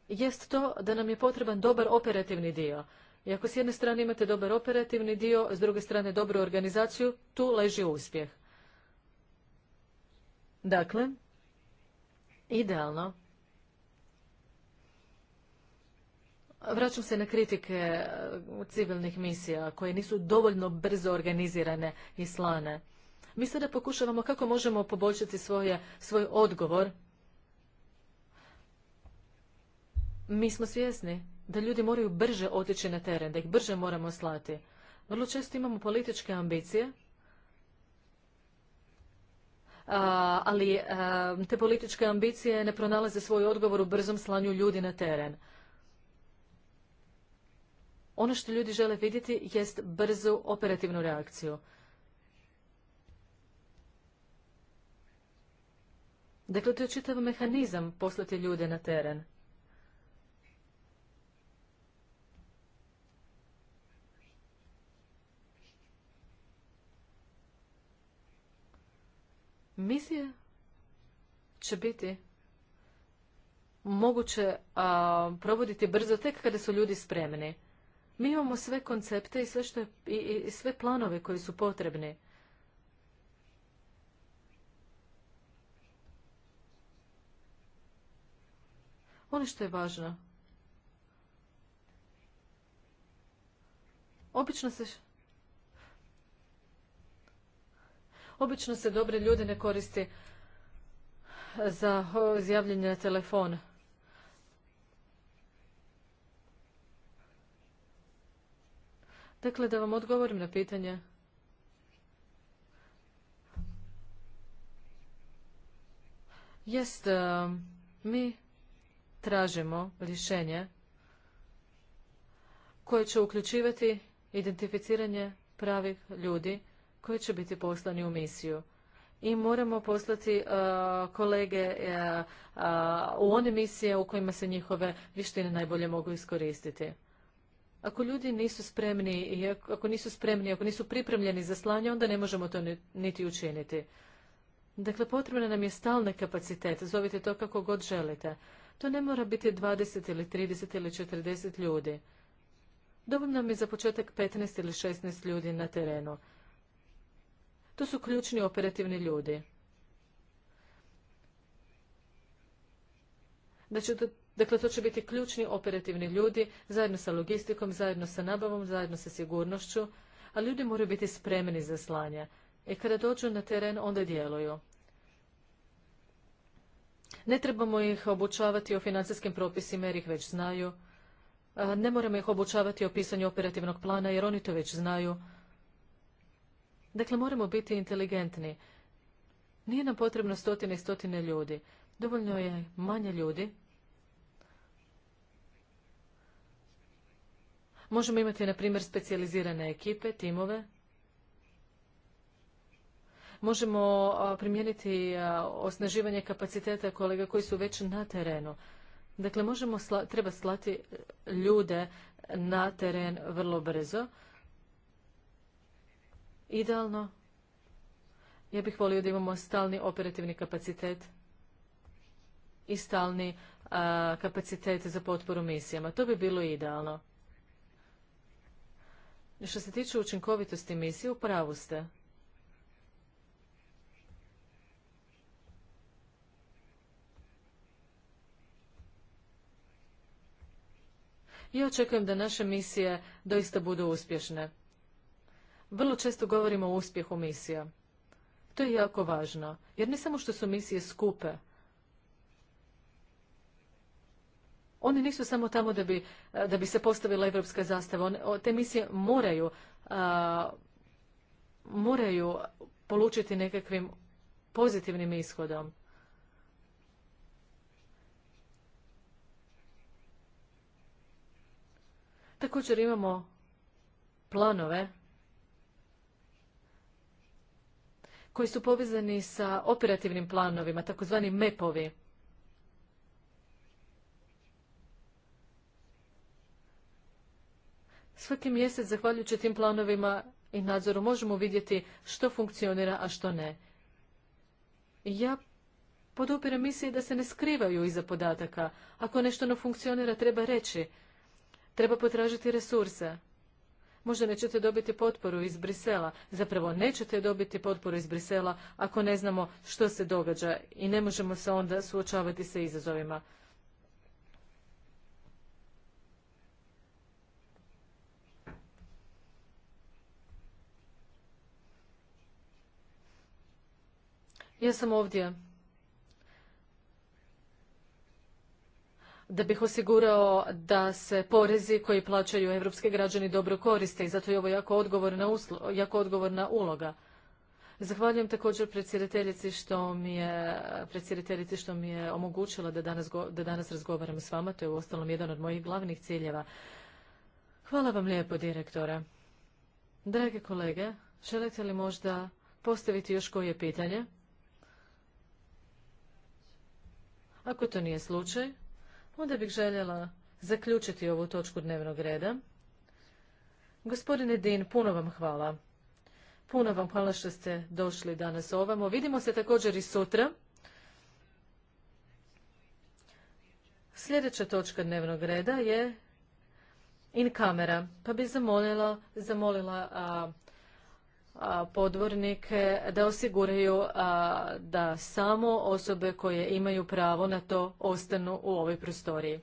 jest to da nam je potreban dobar operativni dio. I ako s jedne strane imate dobar operativni dio, s druge strane dobru organizaciju, tu leži uspjeh. Dakle, idealno Vraćam se na kritike e, civilnih misija koje nisu dovoljno brzo organizirane i slane. Mi sada pokušavamo kako možemo poboljšati svoje, svoj odgovor. Mi smo svjesni da ljudi moraju brže otići na teren, da ih brže moramo slati. Vrlo često imamo političke ambicije, ali te političke ambicije ne pronalaze svoj odgovor u brzom slanju ljudi na teren. Ono što ljudi žele vidjeti jest brzu operativnu reakciju. Dakle, to je čitav mehanizam poslati ljude na teren. Misije će biti moguće a, provoditi brzo tek kada su ljudi spremni. Mi imamo sve koncepte i sve, što i, i sve planove koji su potrebni. Ono što je važno. Obično se... Obično se dobre ljude ne koristi za izjavljanje na telefonu. Dakle, da vam odgovorim na pitanje. Jest, e, mi tražimo rješenje koje će uključivati identificiranje pravih ljudi koji će biti poslani u misiju. I moramo poslati e, kolege e, u one misije u kojima se njihove vištine najbolje mogu iskoristiti. Ako ljudi nisu spremni i ako nisu spremni, ako nisu pripremljeni za slanje, onda ne možemo to niti učiniti. Dakle, potrebna nam je stalna kapacitet, zovite to kako god želite. To ne mora biti 20 ili 30 ili 40 ljudi. Dovoljno nam je za početak 15 ili 16 ljudi na terenu. To su ključni operativni ljudi. Znači, Dakle, to će biti ključni operativni ljudi, zajedno sa logistikom, zajedno sa nabavom, zajedno sa sigurnošću, a ljudi moraju biti spremni za slanje. I kada dođu na teren, onda djeluju. Ne trebamo ih obučavati o financijskim propisima, jer ih već znaju. Ne moramo ih obučavati o pisanju operativnog plana, jer oni to već znaju. Dakle, moramo biti inteligentni. Nije nam potrebno stotine i stotine ljudi. Dovoljno je manje ljudi Možemo imati, na primjer, specijalizirane ekipe, timove. Možemo primijeniti osnaživanje kapaciteta kolega koji su već na terenu. Dakle, možemo treba slati e, ljude na teren vrlo brzo. Idealno, ja bih volio da imamo stalni operativni kapacitet i stalni a, kapacitet za potporu misijama. To bi bilo idealno. Što se tiče učinkovitosti misije, u pravu ste. Ja očekujem da naše misije doista budu uspješne. Vrlo često govorimo o uspjehu misija. To je jako važno, jer ne samo što su misije skupe, Oni nisu samo tamo da bi, da bi se postavila evropska zastava. te misije moraju, moraju polučiti nekakvim pozitivnim ishodom. Također imamo planove koji su povezani sa operativnim planovima, takozvani MEP-ovi. Svaki mjesec, zahvaljujući tim planovima i nadzoru, možemo vidjeti što funkcionira, a što ne. Ja podupirem misije da se ne skrivaju iza podataka. Ako nešto ne funkcionira, treba reći. Treba potražiti resurse. Možda nećete dobiti potporu iz Brisela. Zapravo nećete dobiti potporu iz Brisela ako ne znamo što se događa i ne možemo se onda suočavati sa izazovima. Ja sam ovdje da bih osigurao da se porezi koji plaćaju evropske građani dobro koriste i zato je ovo jako odgovorna, jako uloga. Zahvaljujem također predsjedateljici što mi je, predsjedateljici što mi je omogućila da danas, da danas razgovaram s vama. To je uostalom jedan od mojih glavnih ciljeva. Hvala vam lijepo, direktore. Drage kolege, želite li možda postaviti još koje pitanje? Ako to nije slučaj, onda bih željela zaključiti ovu točku dnevnog reda. Gospodine Din, puno vam hvala. Puno vam hvala što ste došli danas ovamo. Vidimo se također i sutra. Sljedeća točka dnevnog reda je in kamera, pa bi zamolila, zamolila a, podvornike da osiguraju da samo osobe koje imaju pravo na to ostanu u ovoj prostoriji.